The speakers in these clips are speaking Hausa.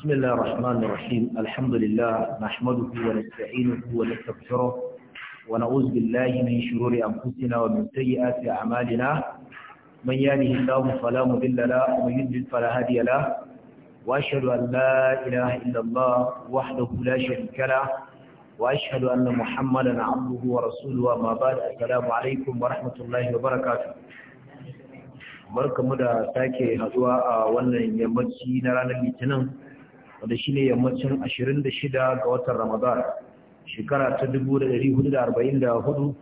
بسم الله الرحمن الرحيم الحمد لله نحمده ونستعينه ونستغفره ونعوذ بالله من شرور أنفسنا ومن سيئات أعمالنا من يهده الله فلا مضل له ومن يضلل فلا هادي له وأشهد أن لا إله إلا الله وحده لا شريك له وأشهد أن محمدا عبده ورسوله وما بعد السلام عليكم ورحمة الله وبركاته barkamu da sake haduwa a wannan yammaci na ranar litinin wanda ne yammacin 26 ga watan Ramadan shekara ta 1444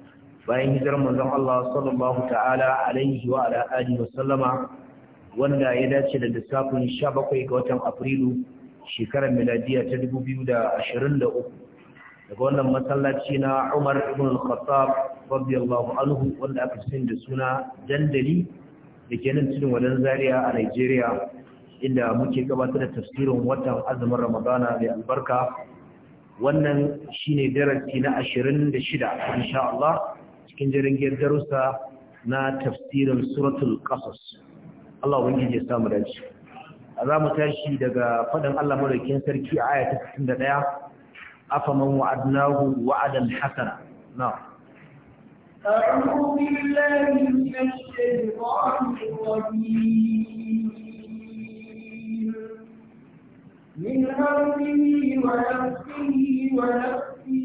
bayan hijirar manzan Allah sallallahu ta'ala alaihi wa ala wa sallama wanda ya dace da lissafin 17 ga watan Afrilu shekarar miladiya ta 2023 daga wannan masallaci na Umar ibn al-Khattab radiyallahu anhu wanda aka sani da suna dandali da ke nan cikin wadanda Zaria a Nigeria inda muke gabatar da tafsirin watan azumin ramadana mai albarka wannan shine darasi na 26 insha Allah cikin jirgin darussa na tafsirin suratul qasas Allah ubangiji ya samu dace azamu tashi daga fadin Allah madaukakin sarki a aya ta 61 afaman wa'adnahu wa'adan hasana na'am أعوذ بالله من الشيطان الرجيم من همه ونفسه ونفسه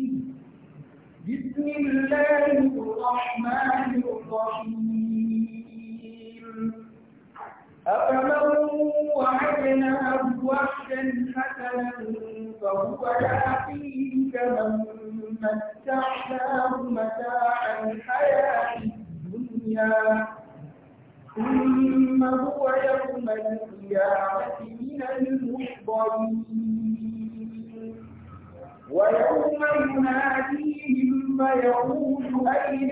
بسم الله الرحمن الرحيم أفمن وعدناه وحدا حسنا فهو لاقيه كمن متعناه متاع الحياة الدنيا ثم هو يوم القيامة من المحضرين ويوم يناديهم فيقول أين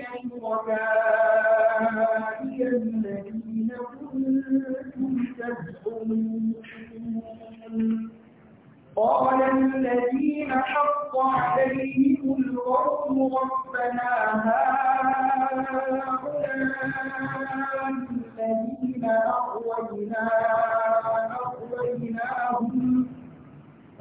شركائي الذين كنتم تزعمون قال الذين حق عليهم القوم ربنا هؤلاء الذين أغوينا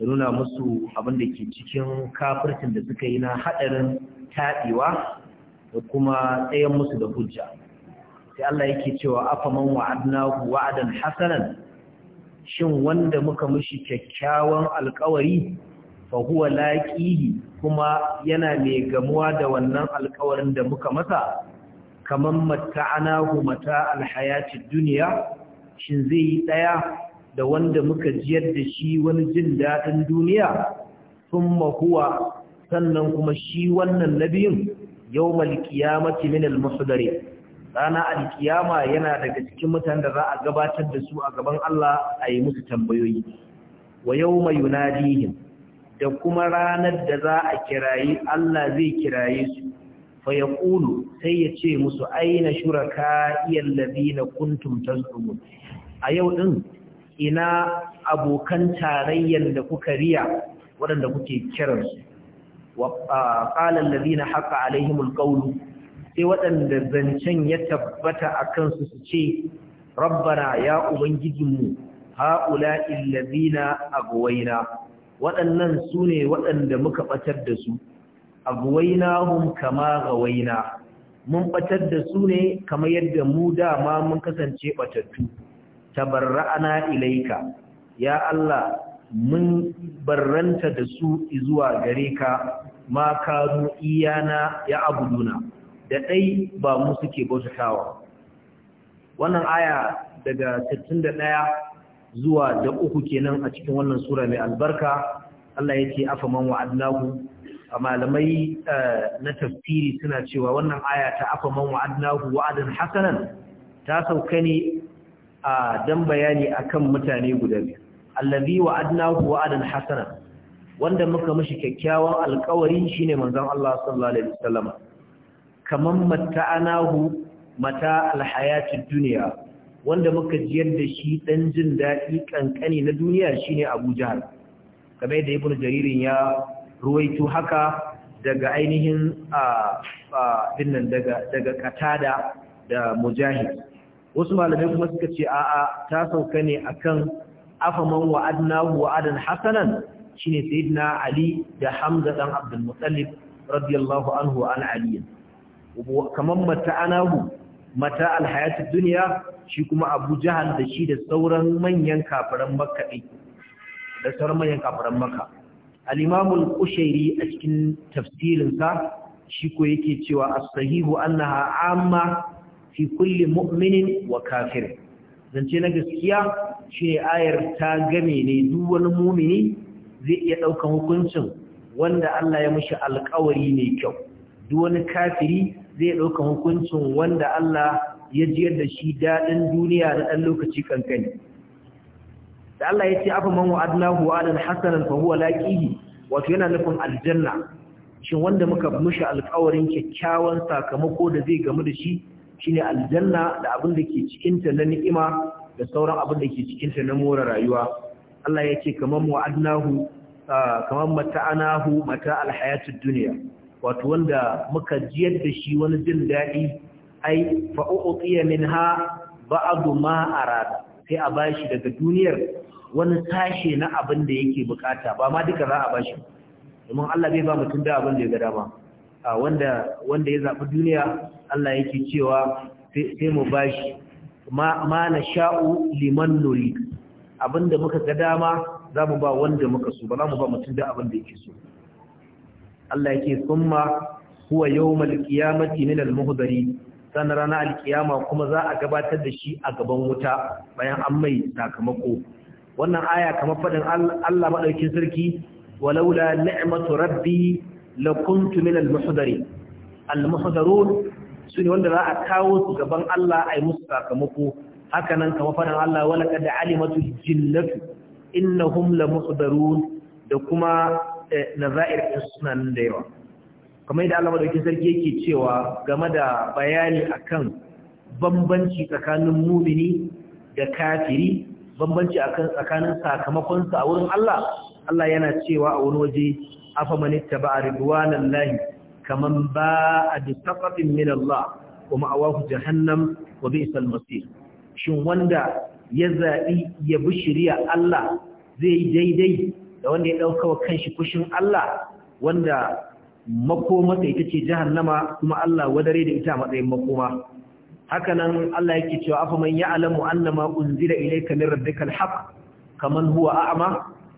da nuna musu abin da ke cikin kafircin da suka yi na haɗarin taɗewa da kuma tsayen musu da hujja sai Allah yake cewa afaman wa'adnahu wa'adan hasanan shin wanda muka mushi kyakkyawan alkawari fa huwa laqihi kuma yana mai gamuwa da wannan alkawarin da muka masa kaman matta'anahu mata alhayatid dunya shin zai yi daya da wanda muka jiyar da shi wani jin daɗin duniya sun mahuwa sannan kuma shi wannan nabiyin yau malikiyamati min almusudari rana alkiyama yana daga cikin mutane da za a gabatar da su a gaban Allah a yi musu tambayoyi wa yau mai yunadihin da kuma ranar da za a kirayi Allah zai kiraye su fa ya sai ya ce musu aina shuraka iyal na kuntum tazlumun a yau ɗin? ina abokan tarayyar da kuka riya waɗanda kuke kiransu wa qalan ladina haqa alaihimul sai waɗanda zancen ya tabbata a kansu su ce rabbana ya ubangijinmu haula illazina agwaina waɗannan su ne waɗanda muka ɓatar da su agwaina hum kama gawaina mun ɓatar da su ne kamar yadda mu dama mun kasance ɓatattu tabarra'ana ilaika ya Allah mun barranta da su zuwa gare ka ma kanu iyana ya abuduna da dai ba mu suke bautawa wannan aya daga 61 zuwa da uku kenan a cikin wannan sura mai albarka Allah yake afa man wa'adnahu malamai eh, na tafsiri suna cewa wannan aya ta afa man wa'adnahu wa'adan hasanan ta sauka ne a dan bayani akan mutane guda biyu allazi wa'adnahu wa'adan hasana wanda muka mishi kyakkyawan alƙawari shine manzon Allah sallallahu alaihi wasallam kaman mata'anahu mata alhayatid dunya wanda muka jiyar da shi dan jin dadi kankani na duniya shine Abu Jahl kamar da Ibn Jaririn ya ruwaito haka daga ainihin a dinnan daga daga Qatada da Mujahid wasu malamai kuma suka ce a'a ta sauka ne akan afaman wa'adnahu wa'adan hasanan shine sayyidina ali da hamza dan abdul muttalib radiyallahu anhu an ali kaman mata'anahu mata alhayatid Duniya, shi kuma abu da shi da sauran manyan kafiran makka da sauran manyan kafiran makka qushairi a cikin tafsirinsa shi ko yake cewa as-sahihu annaha amma fi kulli mu'minin wa kafir zance na gaskiya shine ayar ta game ne duk wani mumini zai iya daukan hukuncin wanda Allah ya mishi alƙawari ne kyau duk wani kafiri zai daukan hukuncin wanda Allah ya jiyar da shi dadin duniya na dan lokaci kankani da Allah ya ce afa man wa'adnahu wa'adan hasanan fa huwa laqihi wato yana nufin aljanna shin wanda muka mishi alƙawarin kyakkyawan sakamako da zai gamu da shi shine aljanna da abin da ke cikinta na ni'ima da sauran abin da ke cikinta na more rayuwa Allah ya ce kaman wa'adnahu kaman mata'anahu mata alhayatud dunya wato wanda muka jiyar da shi wani jin daɗi ai fa uqiya minha ba'd ma arada sai a bashi daga duniyar wani tashi na abin da yake bukata ba ma duka za a bashi domin Allah bai ba mutum da abin da ya ga dama wanda wanda ya zabi duniya Allah yake cewa sai mu bashi ma ma na sha'u liman nuri abinda muka ga dama zamu ba wanda muka so ba za mu ba mutum da abinda yake so Allah yake summa huwa yawmal qiyamati min al-muhdari sanar rana alkiyama kuma za a gabatar da shi a gaban wuta bayan an mai sakamako wannan aya kamar fadin Allah madaukakin sarki walaula ni'matu rabbi lakuntu min al-muhdari al-muhdarun su ne wanda za a kawo su gaban Allah a yi musu sakamako haka nan kama fadan Allah wani kada alimatu jillatu inna la muhdarun da kuma eh, nazair suna nan da yawa kamar yadda Allah madaukin sarki yake cewa game da bayani akan bambanci tsakanin mumini da kafiri bambanci akan tsakanin sakamakonsa a wurin Allah Allah yana cewa a wani waje afa a ridwanallahi kaman ba a disaqatin min Allah kuma awahu jahannam wa bi'sal masir shin wanda ya zaɓi ya bi shirya Allah zai yi daidai da wanda ya ɗaukawa kanshi kushin Allah wanda makomata ita ce jahannama kuma Allah wadare da ita matsayin makoma hakanan Allah yake cewa afa man ya'lamu annama unzila ilayka min rabbikal haqq kaman huwa a'ma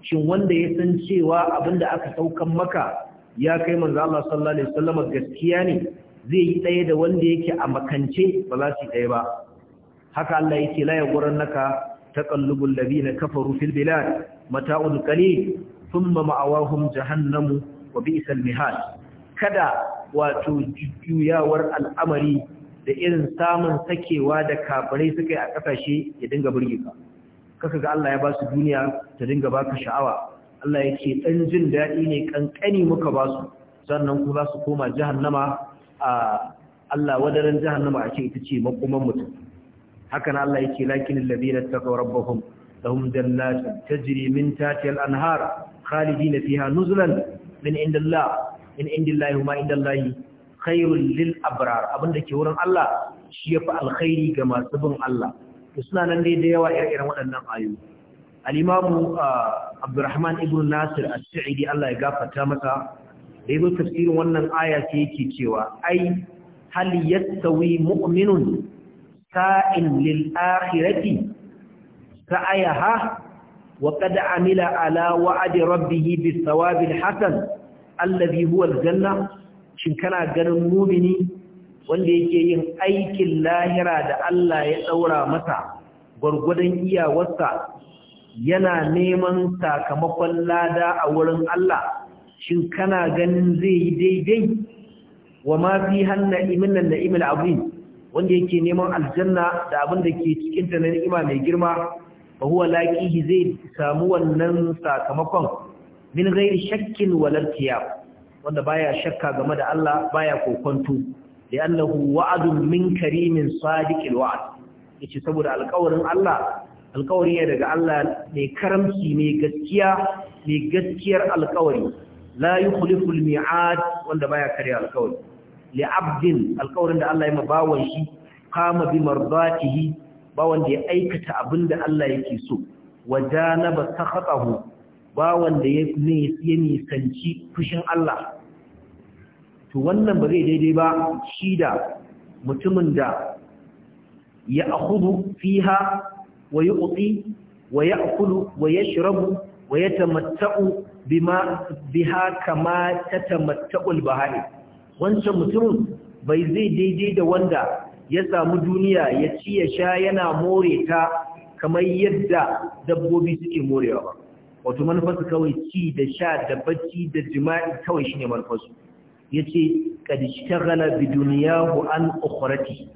shin wanda ya san cewa abinda aka saukan maka ya kai manzo Allah sallallahu alaihi wasallam gaskiya ne zai yi ɗaya da wanda yake a makance ba za su ɗaya ba haka Allah yake la ya gurin naka taqallubul ladina kafaru fil bilad mata'ul qalil thumma ma'awahum jahannamu wa bi'sal mihad kada wato juyawar al'amari da irin samun sakewa da kafirai suka yi a kasashe ya dinga burge ka kaka ga Allah ya ba su duniya ta dinga baka sha'awa Allah ya ce ɗan jin daɗi ne ƙanƙani muka ba su sannan kuma su koma jahannama a Allah wadaran jahannama a ce ita ce makoman mutum haka na Allah ya ce lakin alladhina taqaw rabbahum lahum jannatin tajri min tahtiha al-anhar khalidina fiha nuzulan min indillah min indillahi huma indillahi khairul lil abrar abinda ke wurin Allah shi yafi alkhairi ga masu bin Allah to suna nan dai da yawa ire-iren waɗannan ayoyi al-imamu uh, abdurrahman ibn nasir as-sa'idi Allah ya gafarta masa da yayin tafsirin wannan aya ce yake cewa ai hal yastawi mu'minun sa'in lil akhirati sa'ayaha wa qad amila ala wa'adi rabbihi bi thawabil hasan alladhi huwa al-janna shin kana ganin mu'mini wanda yake yin aikin lahira da Allah ya daura masa gurgudan iyawarsa yana neman sakamakon lada a wurin Allah shin kana ganin zai yi daidai wa ma fi hanna iminan na imil azim wanda yake neman aljanna da abin da ke cikin ta na ni'ima mai girma fa huwa laqihi zai samu wannan sakamakon min ghairi shakkin wala wanda baya shakka game da Allah baya kokonto da annahu wa'adun min karimin sadiqil wa'd yace saboda alƙawarin Allah alkawari ne daga Allah mai karamci mai gaskiya mai gaskiyar alkawari la yukhlifu almi'ad wanda baya karya alkawari li abdin alkawarin da Allah ya mabawan shi qama bi mardatihi ba wanda ya aikata abinda Allah yake so ba sakhatahu ba wanda ya nisanci fushin Allah to wannan ba zai daidai ba shi da mutumin da ya akhudu fiha wa yu'ti wa ya'kulu Waya yashrabu wa yatamatta'u bima biha kama tatamatta'ul bahari wancan mutumin bai zai daidai da wanda ya samu duniya ya ci ya sha yana more ta kamar yadda dabbobi suke morewa ba wato manufarsu kawai ci da sha da bacci da jima'i kawai shine manufarsu yace kad ishtaghala bi dunyahu an ukhrati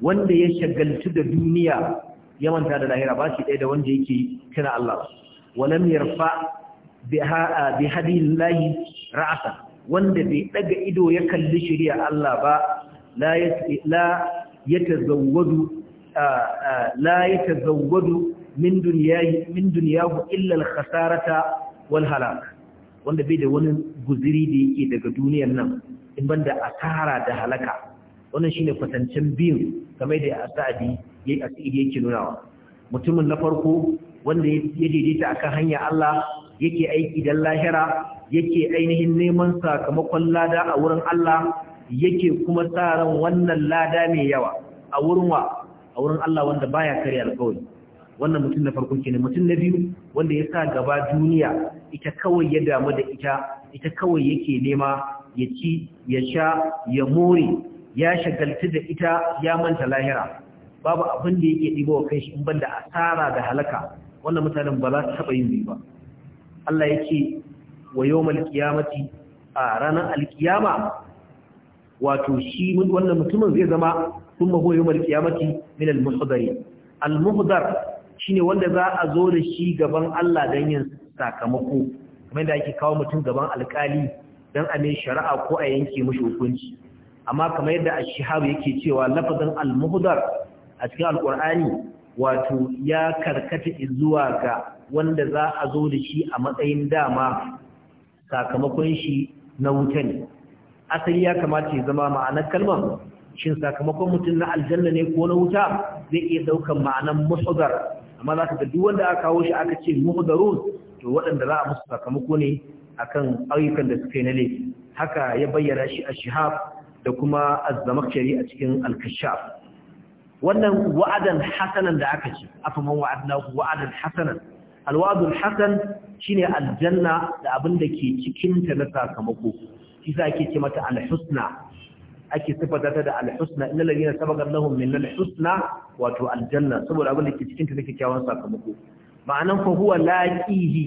wanda ya shagaltu da duniya ya manta da lahira ba shi ɗaya da wanda yake kira Allah ba walam yarfa bi layi ra'asa wanda bai daga ido ya kalli shirya Allah ba la ya yatazawwadu la min dunyahi min dunyahu illa al-khasarata wal halak wanda bai da wani guziri da yake daga duniyar nan in banda asara da halaka wannan shine fatancen biyu kamar da asadi ya asiri yake nunawa mutumin na farko wanda ya daidaita akan hanya Allah yake aiki dan lahira yake ainihin neman sakamakon lada a wurin Allah yake kuma tsaron wannan lada mai yawa a wurin wa a wurin Allah wanda baya kare alƙawari wannan mutum na farko kenan mutum na biyu wanda ya sa gaba duniya ita kawai ya damu da ita ita kawai yake nema ya ci ya sha ya more ya shagaltu da ita ya manta lahira babu abin da yake ɗiba wa kanshi in banda asara da halaka wannan mutanen ba za su taɓa yin ba Allah ya wa yau malkiyamati a ranar alkiyama wato shi wannan mutumin zai zama sun maho yau malkiyamati min almuhdari. Almuhdar shi ne wanda za a zo da shi gaban Allah don yin sakamako kamar da ake kawo mutum gaban alkali don a mai shari'a ko a yanke mashi hukunci amma kamar yadda a shihab yake cewa lafazin al-muhdar a cikin alkur'ani wato ya karkata zuwa ga wanda za a zo da shi a matsayin dama sakamakon shi na wuta ne asali ya kamata ya zama ma'anar kalmar shin sakamakon mutum na aljanna ne ko na wuta zai iya daukan ma'anar musadar amma za ka ga duk wanda aka kawo shi aka ce muhdarun to waɗanda za a musu sakamako ne akan ayyukan da suka yi na laifi haka ya bayyana shi a shihab da kuma azzamakshari a cikin alkashaf wannan wa'adan hasanan da aka ce afaman wa'adnahu wa'adan hasanan alwadul hasan shine aljanna da abin da ke cikin ta na sakamako shi sa ake ce mata alhusna ake sifata ta da alhusna innal ladina sabaqa lahum min alhusna wato aljanna saboda abin da ke cikin ta na kyakkyawan sakamako ma'anan fa huwa laqihi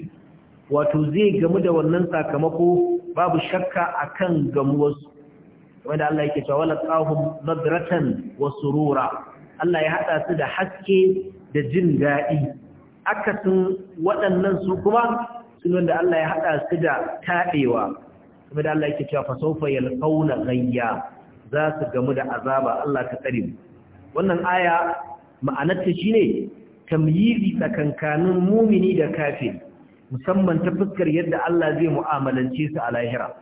wato zai gamu da wannan sakamako babu shakka akan gamuwarsu wanda Allah yake cewa laqahum madratan wa surura Allah ya haɗa su da haske da jin daɗi akasin waɗannan su kuma sun wanda Allah ya haɗa su da taɗewa kuma da Allah yake cewa fa sawfa yalqawna ghayya za su gamu da azaba Allah ta tsare mu wannan aya ma'anarta shine tamyizi tsakankanin mumini da kafin, musamman ta fuskar yadda Allah zai mu'amalance su a lahira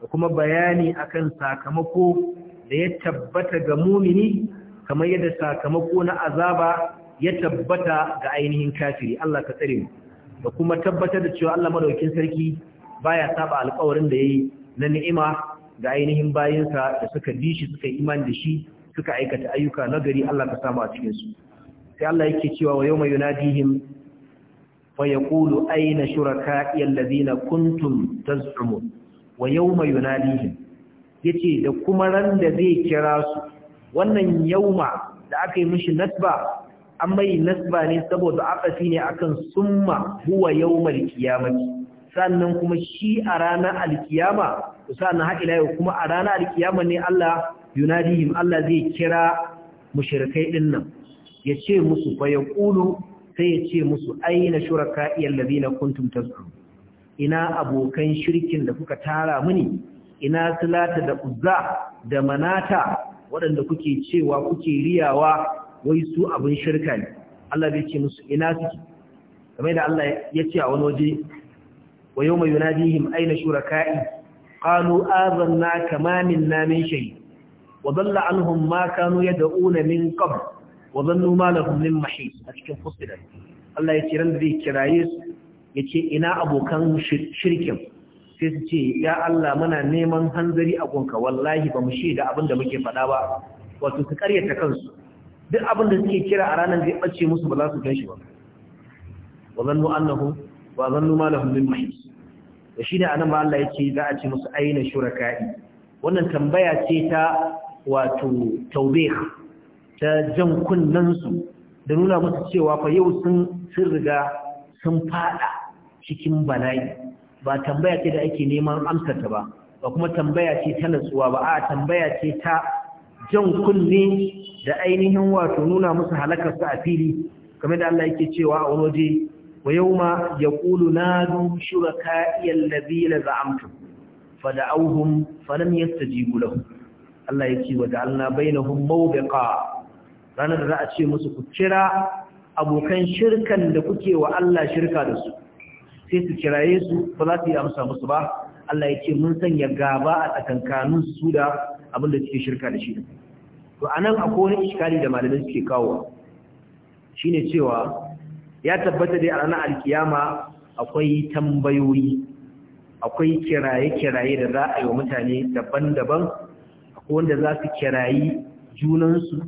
da kuma bayani akan sakamako da ya tabbata ga mumini kamar yadda sakamako na azaba ya tabbata ga ainihin kafiri Allah ka tsare mu da kuma tabbatar da cewa Allah madaukakin sarki baya saba alƙawarin da yayi na ni'ima ga ainihin bayinsa da suka bi shi suka imani da shi suka aikata ayyuka nagari Allah ka samu a cikin su sai Allah yake cewa wa yawma yunadihim fa yaqulu ayna shuraka'i alladhina kuntum taz'umun wa yawma yunadihim yace da kuma ran da zai kira su wannan yauma da aka yi mishi nasba an mai nasba ne saboda fi ne akan summa huwa Yaumar qiyamati sannan kuma shi a ranar alkiyama sannan har ila yau kuma a ranar alkiyama ne Allah yunadihim Allah zai kira mushrikai dinnan. nan ce musu fa yaqulu sai ya ce musu aina shuraka alladhina kuntum tazkurun ina abokan shirkin da kuka tara mini ina salata da uzza da manata waɗanda kuke cewa kuke riyawa wai su abin shirka ne Allah bai ce musu ina suke kamar da Allah ya ce a wani waje wa mai yunadihim aina shuraka'i qalu azanna kama minna min shay wa dalla anhum ma kanu yad'una min qabl wa dhannu ma lahum min mahis a cikin fusilat Allah ya ce ran da zai kiraye su yace ina abokan shirkin sai su ce ya Allah muna neman hanzari a gunka wallahi ba mu shiga abin da muke faɗa ba wato su karyata kansu duk abin da suke kira a ranar zai ɓace musu ba za su gan shi ba wa zannu annahu wa zannu ma lahum min mahis da shine anan ma Allah yake za a ce musu aina shuraka'i wannan tambaya ce ta wato taubih ta jan kunnan su da nuna musu cewa fa yau sun sun riga sun faɗa cikin bala'i ba tambaya ce da ake neman amsar ta ba ba kuma tambaya ce ta nutsuwa ba a tambaya ce ta jan kunne da ainihin wato nuna musu halakar su a fili kamar da Allah yake cewa a wani waje wa yawma yaqulu nadu shuraka'i allazina za'amtu fada'awhum falam yastajibu lahum Allah yake wa ja'alna bainahum mawbiqa ranar da za a ce musu ku kira abokan shirkan da kuke wa Allah shirka da su sai su kiraye su ba za su yi amsa musu ba Allah ya ce mun sanya gaba a tsakankanin su da abin da suke shirka da shi to anan akwai wani iskali da malamai suke kawo shine cewa ya tabbata dai a ranar alkiyama akwai tambayoyi akwai kiraye-kiraye da za a yi wa mutane daban-daban akwai wanda za su kirayi junansu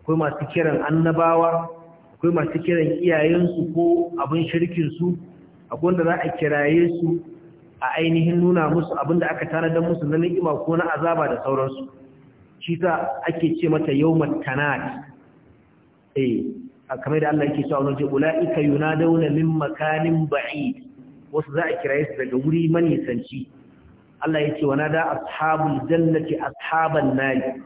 akwai masu kiran annabawa akwai masu kiran iyayensu ko abin shirkinsu akwai wanda za a kiraye su a ainihin nuna musu abinda aka don musu na ni'ima ko na azaba da sauransu shi ta ake ce mata yawmat tanat eh kamar da Allah yake cewa wannan ulaika yunadawna min makanin ba'id wasu za a kiraye su daga wuri manisanci Allah yake wa nada ashabul jannati ashaban nari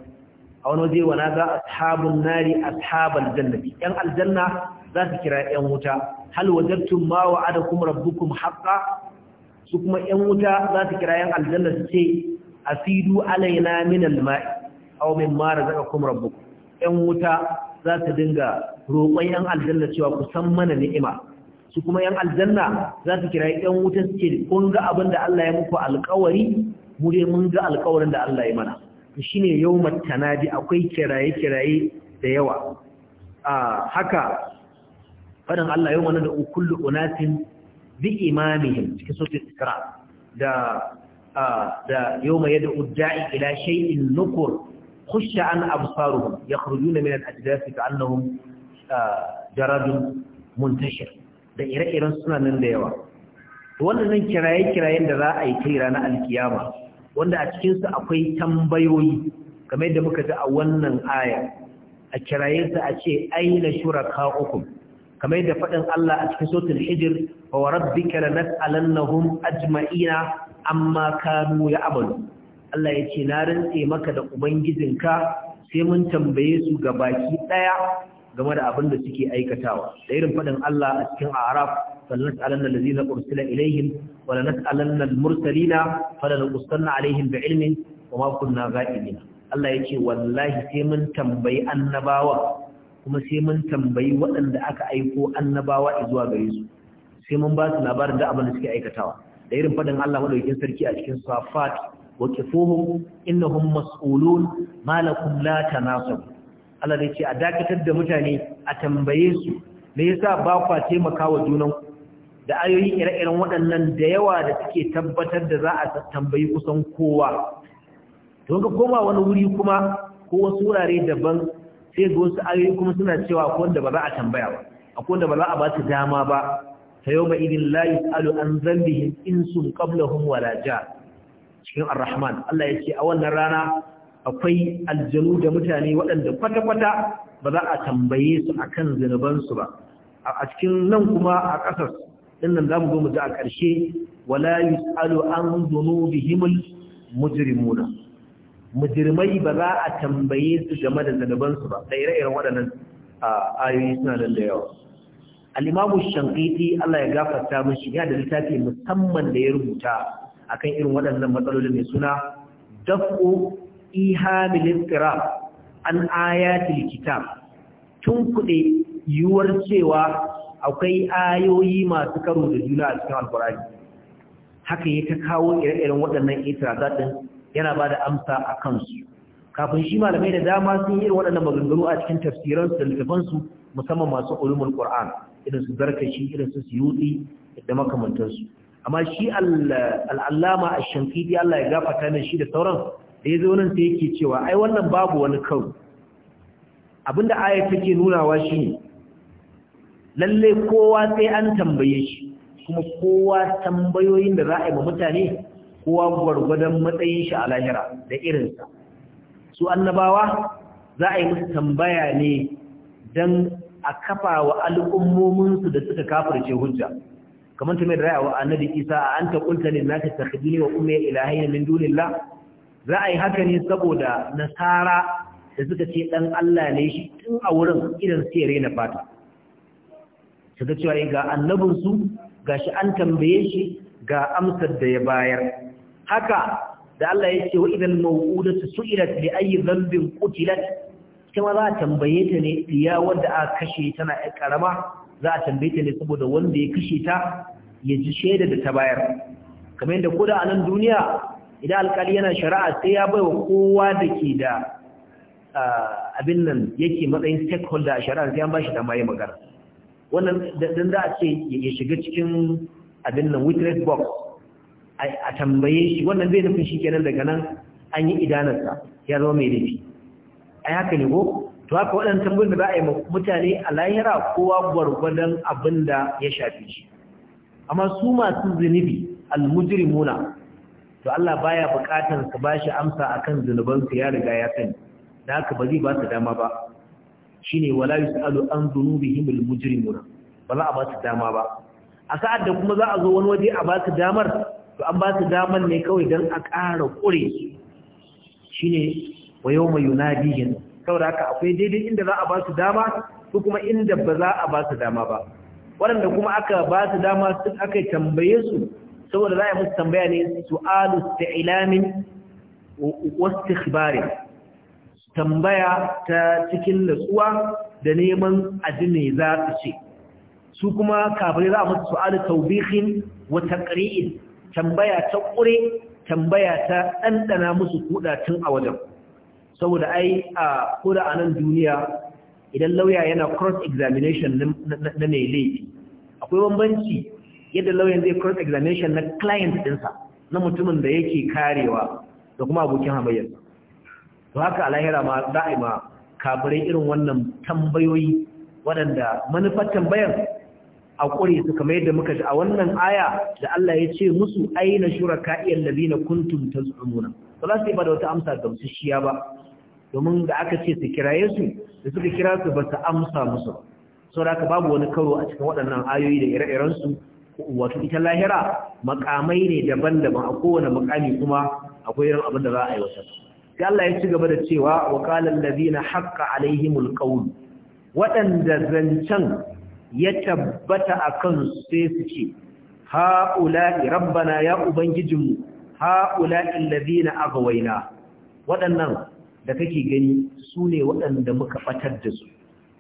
a wani waje wa nada ashabun nari ashabal jannati yan aljanna za su kira yan wuta hal wajadtum ma wa'adakum rabbukum haqqan su kuma ƴan wuta za su kira 'yan aljanna su ce asidu alaina min alma'i aw ma razaqakum rabbukum ƴan wuta za su dinga roƙon 'yan aljanna cewa ku san mana ni'ima su kuma ƴan aljanna za su kira ƴan wuta su ce kun ga abin da Allah ya muku alƙawari mu dai mun ga alƙawarin da Allah ya mana shine yawmat tanadi akwai kiraye kiraye da yawa a ah, haka fadin Allah yau wannan da kullu unatin bi imamihim cikin sautin isra da da yau mai yadda ila shay'in nukur khusha an absaruhum yakhrujuna min al-ajdasi ka'annahum jaradun muntashir da ire-iren suna nan da yawa wannan kiraye-kirayen da za a yi kai na alkiyama wanda a cikinsu akwai tambayoyi kamar yadda muka ji a wannan aya a kirayensa a ce aina shuraka ukum kamar yadda faɗin Allah a cikin sautin hijir wa na lanas'alannahum ajma'ina amma kanu ya'malu Allah ya ce na rantse maka da ubangijinka sai mun tambaye su ga baki ɗaya game da abin da suke aikatawa da irin faɗin Allah a cikin Araf فلنسألن الذين أرسل إليهم ولنسألن المرسلين فلنقصن عليهم wa ma كنا غائبين Allah ya ce wallahi sai mun tambayi annabawa kuma sai mun tambayi waɗanda aka aiko annabawa zuwa gare su sai mun ba su labarin da abin da suke aikatawa da irin faɗin Allah madaukakin sarki a cikin safat wa kifuhum innahum mas'ulun ma lakum la tanasab Allah ya ce a dakatar da mutane a tambaye su me yasa ba kwa taimakawa junan da ayoyi ire-iren waɗannan da yawa da suke tabbatar da za a tambayi kusan kowa to ga koma wani wuri kuma ko wasu wurare daban sai ga wasu ayoyi kuma suna cewa akwai wanda ba za a tambaya ba akwai wanda ba za a ba su dama ba fa ma idin la yusalu an in insun qablahum wala ja cikin ar-rahman Allah ce a wannan rana akwai aljanu da mutane waɗanda kwata-kwata ba za a tambaye su akan zinubansu ba a cikin nan kuma a ƙasar dinnan zamu zo mu ji a ƙarshe wala yusalu an dhunubihimul mujrimuna mujirmai ba za a tambaye su game da zanabansu ba da ire-iren waɗannan ayoyi suna nan da yawa al'imamu shankiti Allah ya gafarta mun ya da littafi musamman da ya rubuta akan irin waɗannan matsalolin mai suna dafu ihamil istirab an ayatul kitab tun kuɗe yiwuwar cewa akwai ayoyi masu karo da juna a cikin alkurani haka ya ta kawo ire-iren waɗannan itirazatin yana ba da amsa a kansu kafin shi malamai da dama sun yi waɗannan maganganu a cikin tafsiransu da littafansu musamman masu ulumul qur'an irin su zarkashi irin su suyuti da makamantansu amma shi al'allama a shankidi Allah ya gafata min shi da sauran da ya zo nan sai yake cewa ai wannan babu wani karo abinda ayat take nunawa ne. lalle kowa sai an tambaye shi kuma kowa tambayoyin da za a yi ma mutane kowa gwargwadon matsayin shi a lahira da irinsa su annabawa za a yi musu tambaya ne don a kafa wa al'ummominsu da suka kafirce hujja kamar ta mai da rayawa annabi isa a anta taƙunta ne na ta wa kuma ilahai min dunillah za a yi haka ne saboda nasara da suka ce dan allah ne shi tun a wurin irin sere na fata su ga cewa ga annabinsu ga shi an tambaye shi ga amsar da ya bayar haka da Allah ya ce wa idan mawudatu su'ilat li ayi dhanbin qutilat kuma za a tambaye ta ne iya wanda aka kashe tana ƴar karama za a tambaye ta ne saboda wanda ya kashe ta ya ji sheda da ta bayar kamar yadda koda a nan duniya idan alƙali yana shari'a sai ya baiwa kowa da ke da abin nan yake matsayin stakeholder a shari'a sai an ba shi da maye magana wannan dan za a ce ya shiga cikin abin nan witness box a tambaye shi wannan zai nufin shi kenan daga nan an yi idanarsa ya zama mai laifi a haka ne ko to haka waɗannan tambayoyin da za a yi mutane a lahira kowa gwargwadon abin da ya shafi shi amma su masu zunubi almujrimuna to Allah baya bukatar su shi amsa akan zunubansu ya riga ya sani da haka ba zai ba su dama ba shine wala yusalu an dhunubihim almujrimuna ba za a ba su dama ba a sa'ad da kuma za a zo wani waje a ba su damar to an ba su damar ne kawai don a ƙara ƙure shi ne wa yau mai yunadihin haka akwai daidai inda za a ba su dama ko kuma inda ba za a ba su dama ba waɗanda kuma aka ba su dama sun aka tambaye su saboda za a yi musu tambaya ne su su'alu ilamin wasu tambaya ta cikin natsuwa da neman aji za su ce su kuma kafirai za a musu su'alu tawbihin wa taqri'in tambaya ta kure tambaya ta dandana musu kuda tun a wajen saboda ai a kuda anan duniya idan lauya yana cross examination na mai laifi akwai bambanci yadda lauyan zai cross examination na client dinsa na mutumin da yake karewa da kuma abokin hamayyar to haka alahira ma da'ima kafirai irin wannan tambayoyi waɗanda manufar tambayar a ƙure su kamar yadda muka ji a wannan aya da Allah ya ce musu aina shuraka iyal ladina kuntum tazumuna ba za su yi ba da wata amsa ga shiya ba domin da aka ce su kiraye su da suka kira su ba su amsa musu ba saboda haka babu wani karo a cikin waɗannan ayoyi da ire-iren su wato ita lahira makamai ne daban-daban a kowane makami kuma akwai irin abin da za a yi wata sai Allah ya ci gaba da cewa wa qala allazina haqqa alaihimul qawl waɗanda zancen ya tabbata a kan sai su ce ha'ula'i rabbana ya ubangijinmu ha'ula'in labina agawaina waɗannan da kake gani su ne waɗanda muka ɓatar da su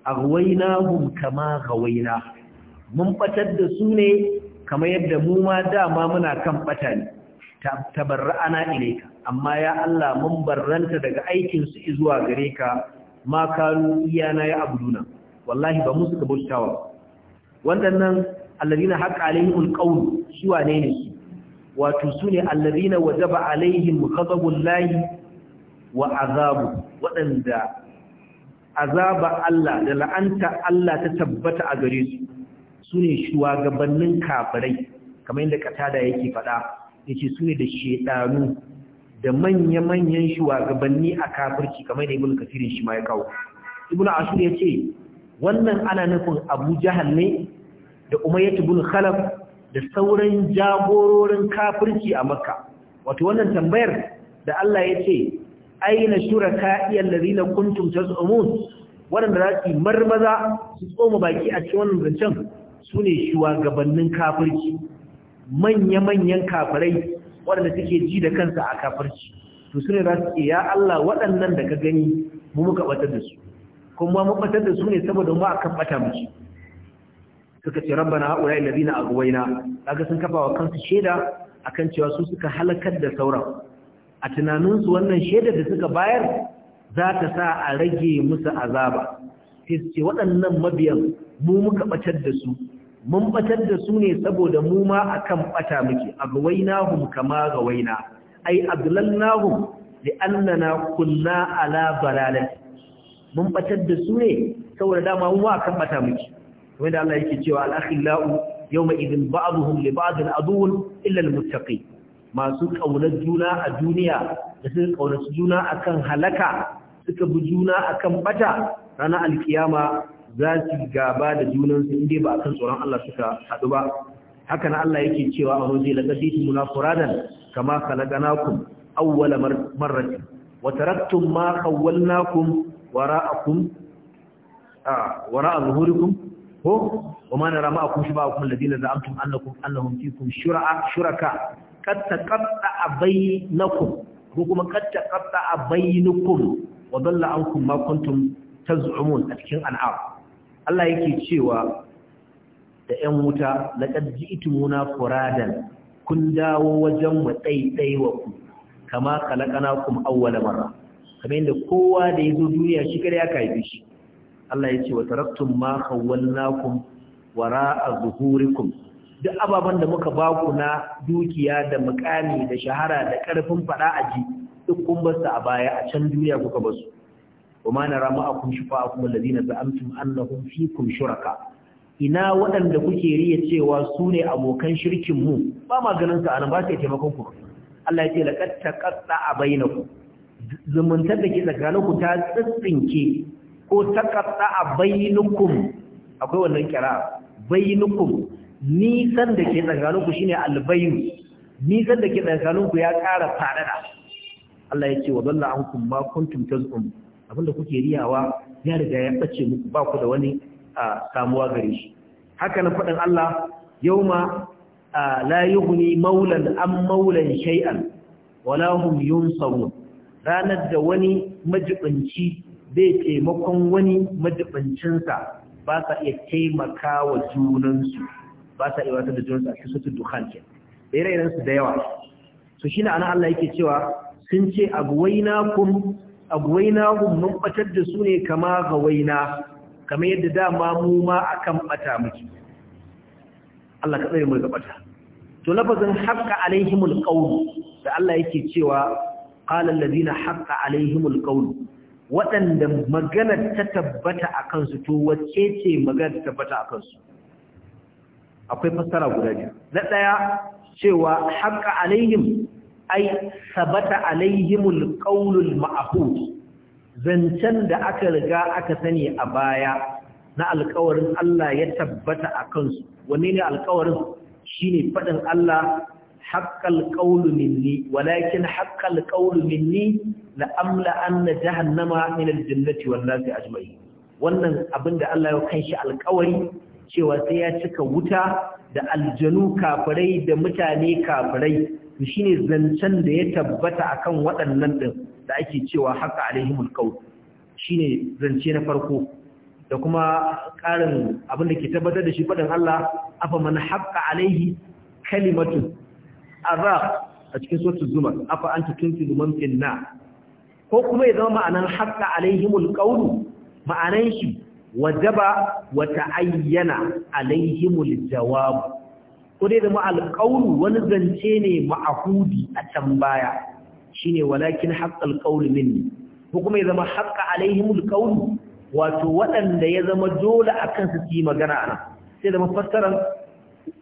agawaina hun kama gawaina mun ɓatar da su ne kama yadda mu ma dama muna kan ɓata ne Ta barra ile ka amma ya Allah mun barranta daga aikinsu zuwa gare ka ma kanu iyana ya abuduna wallahi ba mu suka bautawa ba. waɗannan alladina haƙa alaihimul qawl su wane ne su wato sune alladina wajaba alaihim ghadabul wa azabu waɗanda azaba Allah da la'anta Allah ta tabbata a gare su sune shugabannin kafirai kamar yadda katada yake faɗa yace sune da shedanu da manya-manyan shugabanni a kafirci kamar da ibn kafirin shi ma ya kawo ibn ashur yace wannan ana nufin abu jahal ne da umayyat ibn khalaf da sauran jagororin kafirci a makka wato wannan tambayar da Allah ya ce aina shuraka iyallazina kuntum tas'umun waɗanda za ci marmaza su tsoma baki a cikin wannan zancen su ne shugabannin kafirci manya-manyan kafirai waɗanda suke ji da kansa a kafirci to su ne za su ya Allah waɗannan da ka gani mu muka batar da su kuma mun batar da su ne saboda mu akan bata muke suka ce rabbana haula alladhina Na kaga sun kafa wa kansu a kan cewa su suka halakar da sauran a tunaninsu wannan shaidar da suka bayar za ta sa a rage musu azaba sai su ce waɗannan mabiyan mu muka batar da su mun batar da su ne saboda mu ma akan bata muke aghwaynahum kama gawaina ai adlalnahum li'annana kunna ala balalati mun batar da su ne saboda dama mu ba kan bata miki wanda Allah yake cewa al-akhillau yawma idhin ba'dhum li ba'd aduwwun illa al-muttaqi masu kaunar juna a duniya da suka kaunaci juna akan halaka suka bi juna akan bata ranar alkiyama za su gaba da junansu inda ba akan tsoron Allah suka haɗu ba haka na Allah yake cewa a rozi la qadisi munafuradan kama khalaqnakum awwala marrati wa taraktum ma khawwalnakum wara'akum a wara'a zuhurikum ko wa ma nara ma'akum shiba'akum alladhina za'amtum annakum annahum fikum shura'a shuraka qad taqatta'a bainakum ko kuma qad taqatta'a bainakum wa dalla ankum ma kuntum taz'umun a cikin al'am Allah yake cewa da ƴan wuta laqad ji'tumuna furadan kun dawo wajen mu ɗaiɗaiwa ku kama khalaqnakum awwala marra kamar yadda kowa da ya zo duniya shi kada ya kaifi shi Allah ya ce wa taraktum ma khawwalnakum wara'a zuhurikum duk ababen da muka ba ku na dukiya da mukami da shahara da karfin fada a ji duk kun bar su a baya a can duniya kuka bar su وما نرى معكم شفاءكم الذين زعمتم annahum fikum shuraka. ina waɗanda kuke riya cewa su ne abokan shirkin mu ba maganin sa anan ba sai taimakon ku Allah ya ce laqad taqatta bainakum zumuntar da ke tsakaninku ta tsintsinke ko ta katsa a bayinukum akwai wannan kira bayinukum nisan da ke tsakaninku shine albayu nisan da ke tsakaninku ya ƙara faɗaɗa Allah ya ce wa dalla kun ma kuntum tazum abinda kuke riyawa ya riga ya bace muku ba ku da wani samuwa gare shi haka na faɗin Allah yauma la yughni maulan am maulan shay'an wala hum yunsarun ranar da wani majibinci bai taimakon wani majibincinsa ba sa iya taimaka wa junansu ba sa iya wata da junansu a kisotun dukkan ke ɗaya su da yawa su shi na ana Allah yake cewa sun ce abuwaina kun mun batar da su ne kama ga waina? kamar yadda dama mu ma akan bata miki Allah ka tsaye mai ga bata to lafazin haqqa alaihimul qawl da Allah yake cewa qala alladhina haqqa alaihimul qawl waɗanda magana ta tabbata a kansu to wacce ce magana ta tabbata a kansu akwai fassara guda biyu na ɗaya cewa haqqa alaihim ai sabata alaihimul qaulul ma'hud zancen da aka riga aka sani a baya na alkawarin Allah ya tabbata a kansu wanne ne alƙawarin shine faɗin Allah haqqal qawlu minni walakin haqqal qawlu minni na amla na jahannama min al-jannati wannan nasi ajma'in wannan abinda Allah ya shi alƙawari cewa sai ya cika wuta da aljanu kafirai da mutane kafirai to shine zancen da ya tabbata akan waɗannan din da ake cewa haqqa alaihimul qawl shine zance na farko da kuma ƙarin abin da ke tabbatar da shi faɗin Allah afa man haƙa alaihi kalimatu azab a cikin suratul zumar afa anta tunfidu man finna. ko kuma ya zama ma'anan haqqa alaihimul qawlu ma'anan shi wajaba wa ta'ayyana alaihimul jawab ko dai zama alqawlu wani zance ne ma'ahudi a can baya ne walakin haqqal qawlu minni ko kuma ya zama haqqa alaihimul qawlu wato waɗanda ya zama dole a kan su yi magana ana sai zama fassaran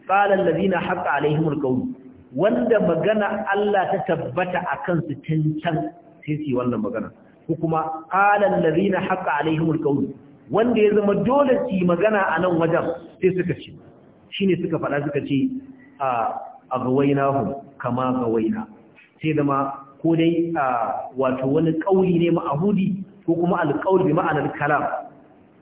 qala allazina haqqa alaihimul qawlu wanda magana Allah ta tabbata a kansu cancan sai su yi wannan magana ko kuma qalan ladina haqa alaihimul qawl wanda ya zama dole su magana a nan wajen sai suka ce ne suka faɗa suka ce a hu kama gawaina sai zama ko dai wato wani kauli ne ma'ahudi ko kuma alqaul ma'anar kalam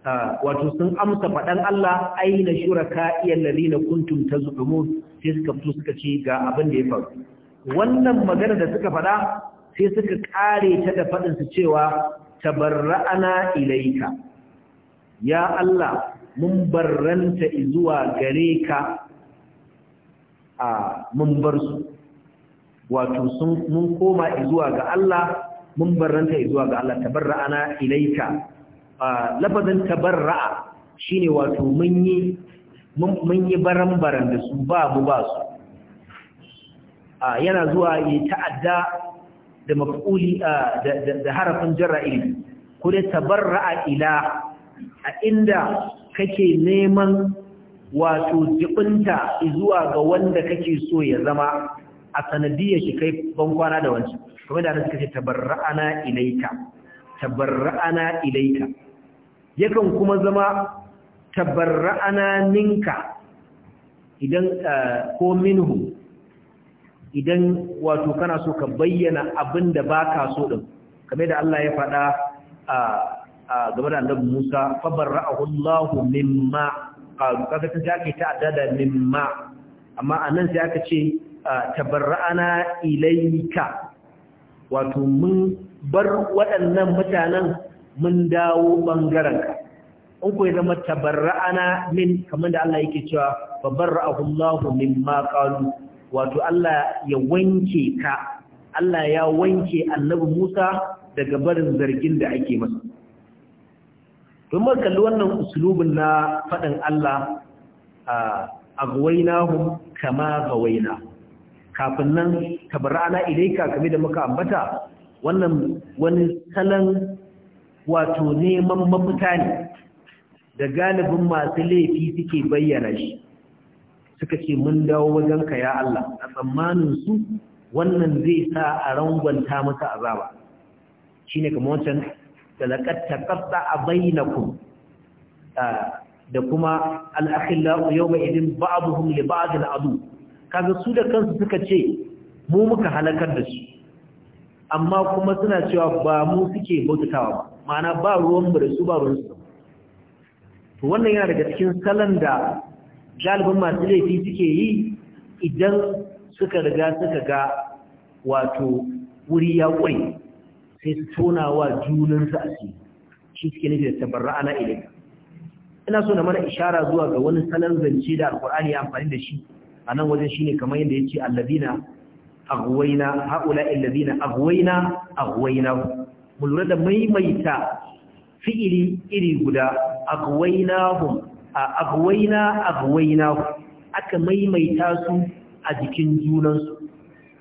Ah, wato sun amsa faɗan Allah aina shuraka iyan lalina kuntum ta zuɗumu sai suka fito suka ce ga abin da ya faru wannan magana da suka faɗa sai suka ƙare ta da faɗinsu cewa tabarra'ana ilaika ya Allah mun barranta zuwa gare ka a ah, mun bar su wato sun, mun koma zuwa ga Allah mun barranta zuwa ga Allah tabarra'ana ilaika lafazin tabarra'a shine wato mun yi mun yi baran da su ba mu ba su yana zuwa yi ta'adda da maf'uli da harafin jarra ilmi ko da tabarra'a ila a inda kake neman wato jibinta zuwa ga wanda kake so ya zama a sanadiyar shi kai bankwana da wancan kuma da suka ce tabarra'ana ilaika tabarra'ana ilaika yakan kuma zama tabarra'ana ninka idan eh, ko minhu idan wato kana so ka bayyana abin da baka so din kamar da Allah ya faɗa a game da Annabi Musa fa barra'ahu Allah mimma qalu kaga ta take ta adada mimma amma anan sai aka ce tabarra'ana ilayka wato mun bar waɗannan mutanen mun dawo bangarenka in ku zama tabarra'ana min kamar da Allah yake cewa babarra'ahullahu mimma qalu wato Allah ya wanke ka Allah ya wanke Annabi Musa daga barin zargin da ake masa don mun kalli wannan uslubin na faɗin Allah a gawainahum kama waina. kafin nan tabarra'ana ilaika kamar da muka ambata wannan wani salon wato neman mafita ne da galibin masu laifi suke bayyana shi suka ce mun dawo wajenka ya Allah a tsammanin su wannan zai sa a rangwanta masa azaba shine kamar wancan talakat taqatta bainakum da kuma al-akhillau yawma idin ba'dhum li ba'd al-adu kaga su da kansu suka ce mu muka halakar da su amma kuma suna cewa ba mu suke bautatawa ba ma'ana ba ruwan mu da su ba ruwan su to wannan yana daga cikin salon da galibin masu laifi suke yi idan suka riga suka ga wato wuri ya ƙwai sai su tona wa junansu a shi suke nufi da tabarra ana ilika ina so na mana ishara zuwa ga wani salon zance da alkur'ani ya amfani da shi a nan wajen shine kamar yadda ya ce allazina aghwayna haula allazina aghwayna aghwayna mu lura da maimaita fi'ili iri guda agwainahum a agwaina agwainahum aka maimaita su a jikin junansu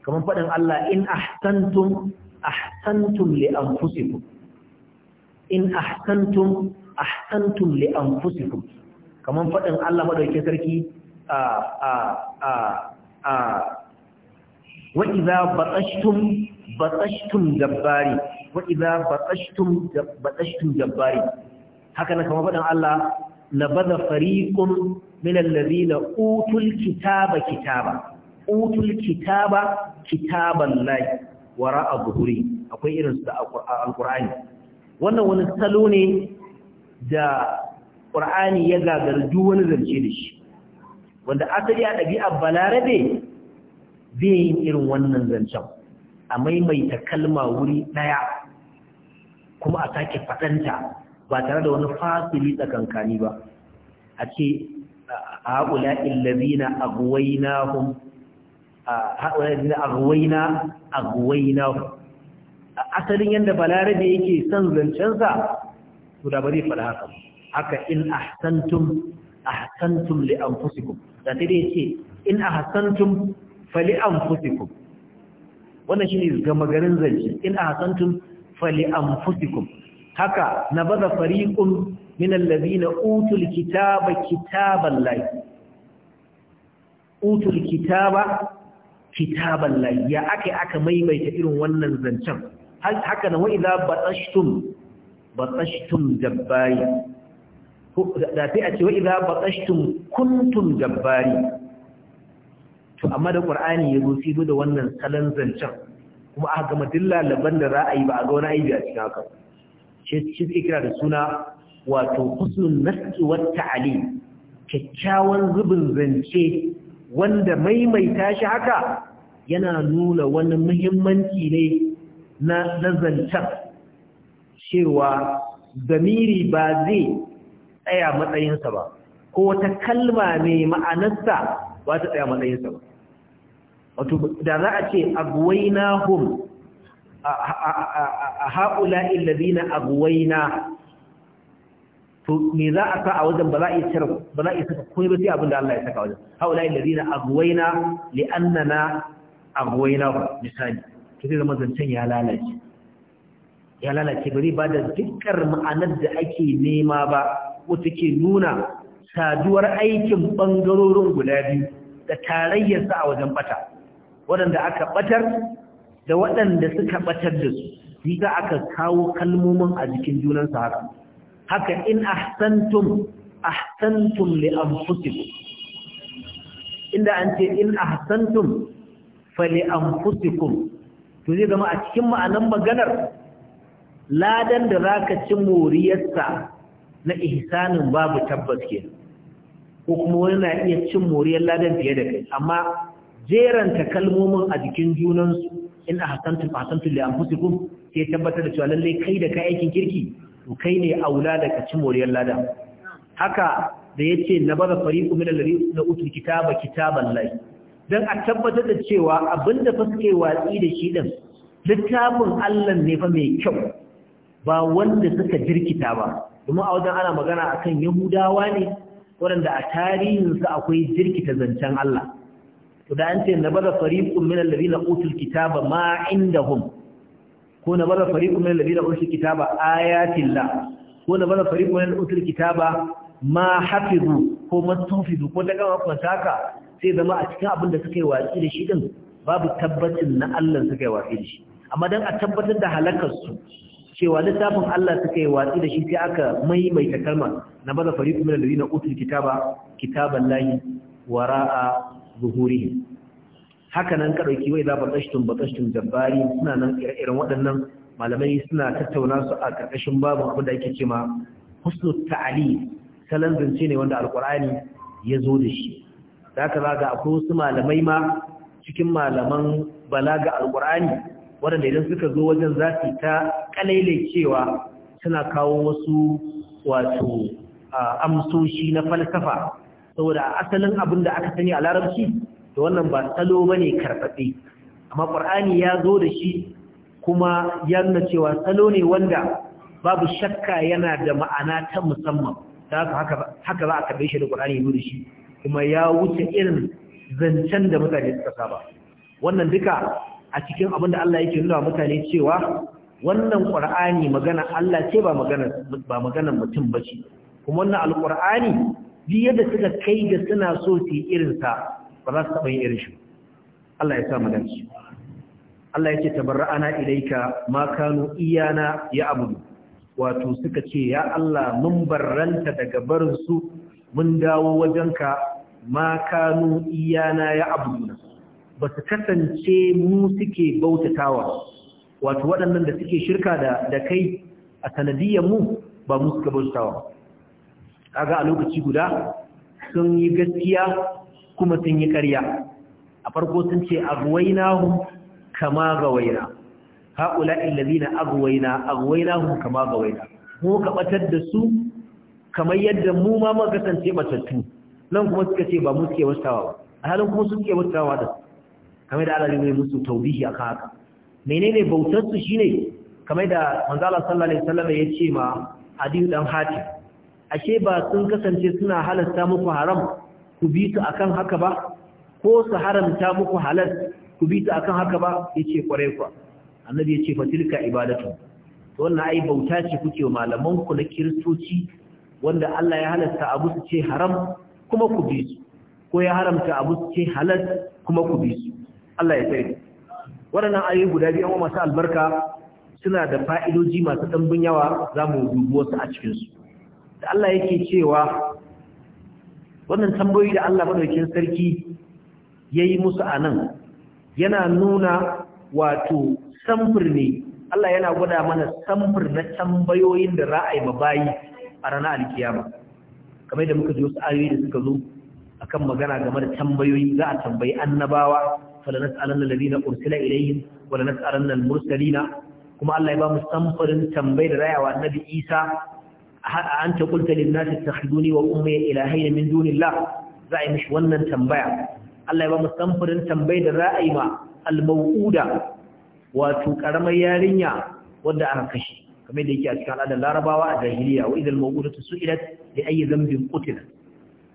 kamar faɗin Allah in ahsantum ahsantum li anfusikum in ahsantum ahsantum li anfusikum kamar faɗin Allah madaukakin sarki a a a a wa idza batashtum batashtum jabbari wa idza batashtum jabbari haka na kama faɗin Allah baza fariƙun min alladhina utul kitaba kitaba utul kitaba kitaban lahi wara'a zuhuri akwai irinsu su Alƙur'ani. wannan wani salo ne da ƙur'ani ya gagarju wani zance da shi wanda asali a ɗabi'ar balarabe zai yi irin wannan zancen a maimaita kalma wuri ɗaya kuma a sake faɗanta ba tare da wani fasili tsakankani ba a ce haƙula illabina agwaina hun haƙula illabina agwaina agwaina asalin yadda balarabe yake son zancensa to da ba zai faɗa haka haka in ahsantum ahsantum li anfusikum da ta dai ce in ahsantum fa li anfusikum wannan shi shine gama garin zance in ahsantum fali anfusikum haka na baza fariqun min allazina utul kitaba kitaballahi utul kitaba kitaballahi ya aka aka maimaita irin wannan zancen haka na wa idza batashtum batashtum jabbari da sai a ce wa idza batashtum kuntum jabbari to amma da qur'ani yazo sai da wannan salon zancen kuma aka gama duk da za a yi ba a ga wani aibi a cikin haka shi shi kira da suna wato husnul nasi wa ta'ali kyakkyawan zubin zance wanda maimaita shi haka yana nuna wani muhimmanci ne na zancantar cewa zamiri ba zai tsaya matsayinsa ba ko wata kalma mai ma'anarsa ba ta tsaya matsayinsa ba wato da za a ce agwainahum a haƙula illazina agwaina to me za a sa a wajen ba za a yi cire ba saka komai ba sai abin da Allah ya saka wajen haƙula illazina agwaina li annana agwaina misali to zai zama zancen ya lalace ya lalace bari ba da dukkan ma'anar da ake nema ba wata ke nuna saduwar aikin bangarorin guda biyu da tarayyarsa a wajen bata waɗanda aka ɓatar da waɗanda suka ɓatar da su riga aka kawo kalmomin a jikin junansa haka haka in ahsantum ahsantum li anfusikum inda an ce in ahsantum fa li anfusikum to zai zama a cikin ma'anan maganar ladan da zaka ci moriyarsa na ihsanin babu tabbas ke ko kuma wani na iya cin moriyar ladan fiye da kai amma jeranta kalmomin a jikin junansu in ahsantum ahsantum li anfusikum sai tabbatar da cewa lallai kai da ka aikin kirki to kai ne aula da ka ci moriyar lada haka da ya ce na yace fari kuma da lari na utu kitaba kitaban lai Don a tabbatar da cewa abin da fuske watsi da shi ɗin, littafin Allah ne fa mai kyau ba wanda suka jirkita ba domin a wajen ana magana akan yahudawa ne waɗanda a tarihinsu akwai jirkita zancen Allah to da an ce nabara fariqun min na utul kitaba ma inda indahum ko na bada nabara fariqun min na utul kitaba ayatillah ko nabara fariqun min alladhina utul kitaba ma hafizu ko mastufizu ko daga makwanta haka sai zama a cikin abin da suka yi watsi da shi ɗin, babu tabbacin na Allah suka yi watsi da shi amma don a tabbatar da halakar cewa littafin Allah suka yi watsi da shi sai aka maimaita kalmar na bada nabara fariqun min na utul kitaba layi, wara'a zuhurihim haka nan ka dauki wai za batashtum batashtum jabbari suna nan ire-iren waɗannan malamai suna tattauna su a karkashin babu abin da ake cewa husnu ta'ali salan zance ne wanda alqur'ani ya zo da shi zaka ga akwai wasu malamai ma cikin malaman balaga alqur'ani waɗanda idan suka zo wajen za su ta kalaile cewa suna kawo wasu wato amsoshi na falsafa saboda asalin abin da aka sani a larabci da wannan ba salo ba ne karfafe amma ƙwar'ani ya zo da shi kuma ya nuna cewa salo ne wanda babu shakka yana da ma'ana ta musamman da haka za a karbe shi da ƙwar'ani ya da shi kuma ya wuce irin zancen da mutane suka saba wannan duka a cikin abin da Allah yake nuna mutane cewa wannan ƙwar'ani magana Allah ce ba maganar mutum ba ce kuma wannan alƙwar'ani duk yadda suka kai da suna so su yi irinsa ba za su taɓa yin irin shi Allah ya sa mu dace Allah ya ce tabarra'ana ilaika ma kanu iyana ya abudu wato suka ce ya Allah mun barranta daga barin su mun dawo wajenka ma kanu iyana ya abudu ba su kasance mu suke bautatawa wato waɗannan da suke shirka da kai a sanadiyar mu ba mu suka bautatawa kaga a lokaci guda sun yi gaskiya kuma sun yi ƙarya a farko sun ce hun kama ga gawaina haula'il ladina agwaina hun kama ga waina. mu ka ɓatar da su kamar yadda mu ma muka kasance ɓatattu nan kuma suka ce ba mu suke wasawa ba a halin kuma suke wastawa da kamar da Allah ne musu taubihi akan haka menene bautar su shine kamar da manzala sallallahu alaihi wasallam ya ce ma Adi dan Hatim ashe ba sun kasance suna halasta muku haram ku bi su akan haka ba ko su haramta muku halal ku bi su akan haka ba yace kwarai kwa annabi yace tilka ibadatu to wannan ai bauta ce kuke malaman ku na kiristoci wanda Allah ya halasta abu su ce haram kuma ku bi su ko ya haramta abu su ce halal kuma ku bi su Allah ya tsare waɗannan ayoyi guda biyu amma masu albarka suna da fa'idoji masu ɗanbin yawa za mu dubo su a cikinsu da Allah yake cewa wannan tambayoyi da Allah madaukakin sarki yayi musu a nan, yana nuna wato samfur ne Allah yana gwada mana samfur na tambayoyin da ra'ayi babayi a ranar alkiyama kamar da muka ji wasu ayoyi da suka zo akan magana game da tambayoyi za a tambayi annabawa fala nas'alanna alladhina ursila ilayhim wala nas'alanna al-mursalina kuma Allah ya ba mu samfurin tambayar rayawa annabi Isa an ta kulta linnasi takhiduni wa ummi ilahayn min dunillah za a mishi wannan tambaya Allah ya ba mu samfurin tambayar da ra'ayi wa al-mawuda wato karamar yarinya wanda aka kashe kamar da yake a cikin al'adar Larabawa a jahiliya wa idal mawudatu su'ilat bi ayi dhanbin qutilat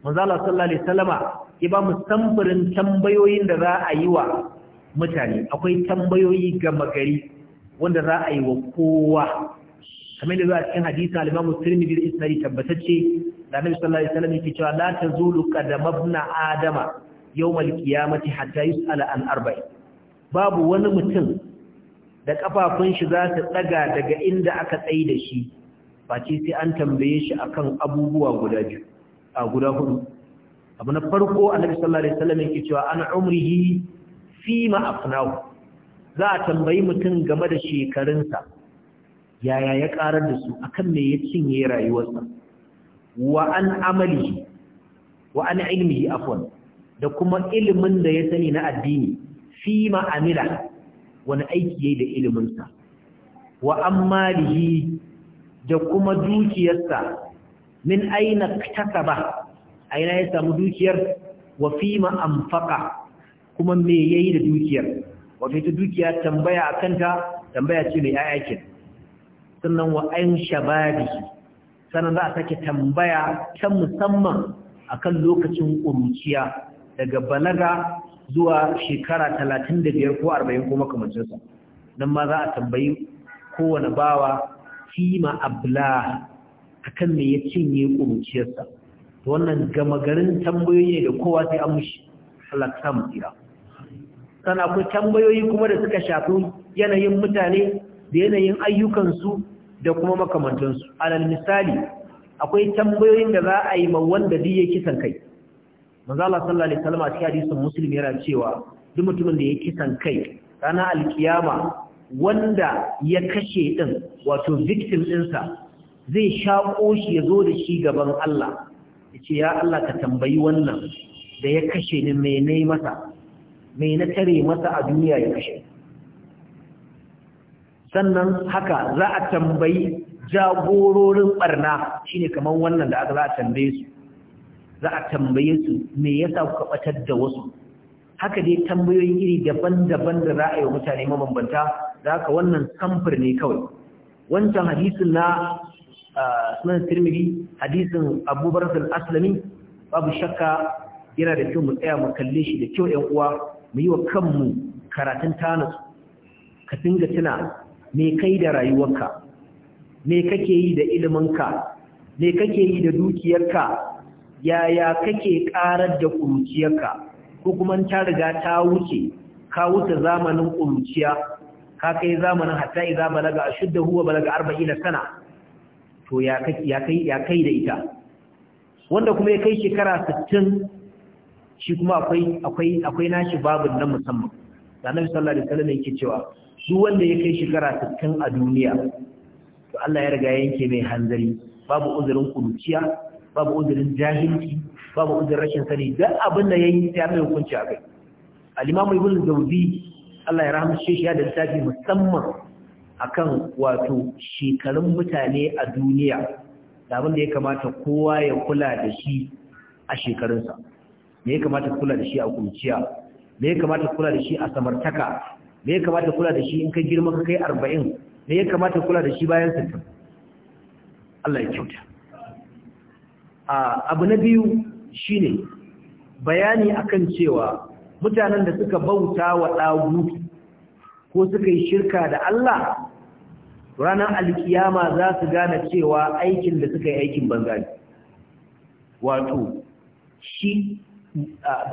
manzo Allah sallallahu alaihi wasallama ya ba mu samfurin tambayoyin da za a yi wa mutane akwai tambayoyi gama gari wanda za a yi wa kowa kamar da za a cikin hadisi al-Imam Tirmidhi da Isnadi tabbatacce da Annabi sallallahu alaihi wasallam yake cewa la tazulu qadama ibn adama yawm al-qiyamati hatta yus'ala an arba'i babu wani mutum da kafafun shi za su daga daga inda aka tsaye da shi ba ce sai an tambaye shi akan abubuwa guda biyu a guda hudu abu na farko Annabi sallallahu alaihi wasallam yake cewa an umrihi fi ma afnahu za a tambayi mutum game da shekarunsa yaya ya ƙarar da su akan me ya cinye rayuwarsa wa an amalihi wa an ilmihi afwan da kuma ilimin da ya sani na addini fi ma'amila wani aiki yayi da iliminsa wa an malihi da kuma dukiyarsa min aina kasaba aina ya samu dukiyar wa fi ma'amfaka kuma me yayi da dukiyar wato ta dukiya tambaya akanta tambaya ce mai ayyakin sannan wa shabari shababi sannan za a sake tambaya ta musamman akan lokacin ƙuruciya daga balaga zuwa shekara talatin da biyar ko arba'in ko makamancinsa don ma za a tambayi kowane bawa fima abla akan me ya cinye ƙuruciyarsa wannan gama garin tambayoyi ne da kowa sai an mushi Allah ka samu akwai tambayoyi kuma da suka shafi yanayin mutane da yanayin ayyukansu da kuma makamantansu alal misali akwai tambayoyin da za a yi ma wanda duk ya kisan kai manzo Allah sallallahu alaihi wasallam a cikin hadisin muslim yana cewa duk mutumin da ya kisan kai ranar alkiyama wanda ya kashe din wato victim ɗinsa zai shako shi ya zo da shi gaban Allah yace ya Allah ka tambayi wannan da ya kashe ni mai masa mai na tare masa a duniya ya kashe sannan haka za a tambayi jagororin barna shine kamar wannan da aka za a tambaye su za a tambaye su me yasa kuka batar da wasu haka dai tambayoyin iri daban-daban da za a yi mutane mabambanta da haka wannan samfur ne kawai wancan hadisin na sunan tirmidhi hadisin abubakar al-aslami babu shakka yana da kyau mu tsaya mu kalle shi da kyau 'yan uwa mu yi wa kanmu karatun tana ka dinga tuna me kai da rayuwarka me kake yi da iliminka me kake yi da dukiyarka yaya kake karar da kuruciyarka ko kuma ta riga ta wuce ka wuce zamanin kuruciya ka kai zamanin hatta idza balaga ashudda huwa balaga 40 sana to ya kai ya kai ya kai da ita wanda kuma ya kai shekara 60 shi kuma akwai akwai akwai nashi babun nan musamman da annabi sallallahu alaihi wasallam yake cewa duk wanda ya kai shekara 60 a duniya to Allah ya riga yanke mai hanzari babu uzurin kuruciya babu uzurin jahilci babu uzurin rashin sani da abin da yayi ya mai hukunci a kai al-imam ibn zawzi Allah ya rahama shi da littafi musamman akan wato shekarun mutane a duniya da abin da ya kamata kowa ya kula da shi a shekarunsa me ya kamata kula da shi a kuciya me ya kamata kula da shi a samartaka me ya kamata kula da shi in kai girma ka kai arba'in me ya kamata kula da shi bayan sittin Allah ya kyauta abu na biyu shine bayani akan cewa mutanen da suka bauta wa ɗagutu ko suka yi shirka da Allah ranar alkiyama za su gane cewa aikin da suka yi aikin banza wato shi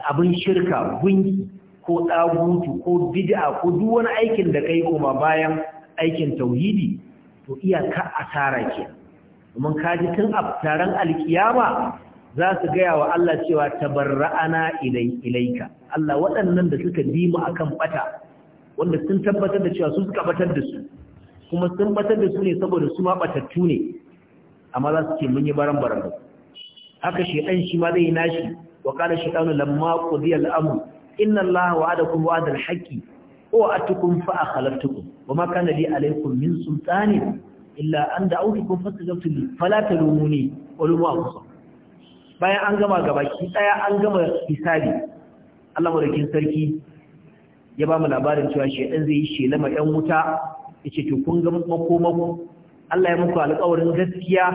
abin shirka gunki ko ɗagutu ko bid'a ko duk wani aikin da kai koma bayan aikin tauhidi to iyaka asara ke domin kaji tun a taron alkiyama za su gaya wa Allah cewa tabarra'ana ilaika Allah waɗannan da suka bi mu akan bata wanda sun tabbatar da cewa su suka batar da su kuma sun batar da su ne saboda su ma batattu ne amma za su ce mun yi baran baran haka shedan shi ma zai nashi wa qala shaytanu lamma qudiya al-amr inna allaha wa'adakum wa'dal haqqi wa atukum fa akhlaftukum wama kana li alaykum min sultanin illa an da'awtukum fastajabtum li fala talumuni wa lumu bayan an gama gabaki daya an gama hisabi Allah madaukin sarki ya ba mu labarin cewa shedan zai yi shelama yan wuta yace to kun ga makomako Allah ya muku alƙawarin gaskiya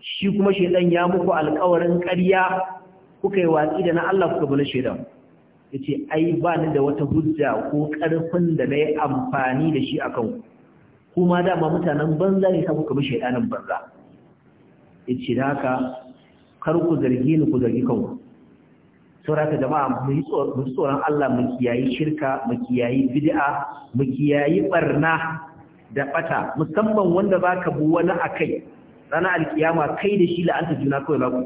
shi kuma shedan ya muku alƙawarin ƙarya kuka yi watsi da na Allah kuka bala shedan yace ai ba ni da wata hujja ko karfin da nayi amfani da shi akan kuma dama mutanen banza ne sai kuka bi banza yace da haka kar ku zargi ni ku zargi kanku sauraka jama'a mu yi tsoron Allah mu kiyayi shirka mu kiyayi bid'a mu kiyayi barna da bata musamman wanda baka bu wani akai ranar alkiyama kai da shi la'anta juna kawai ba ku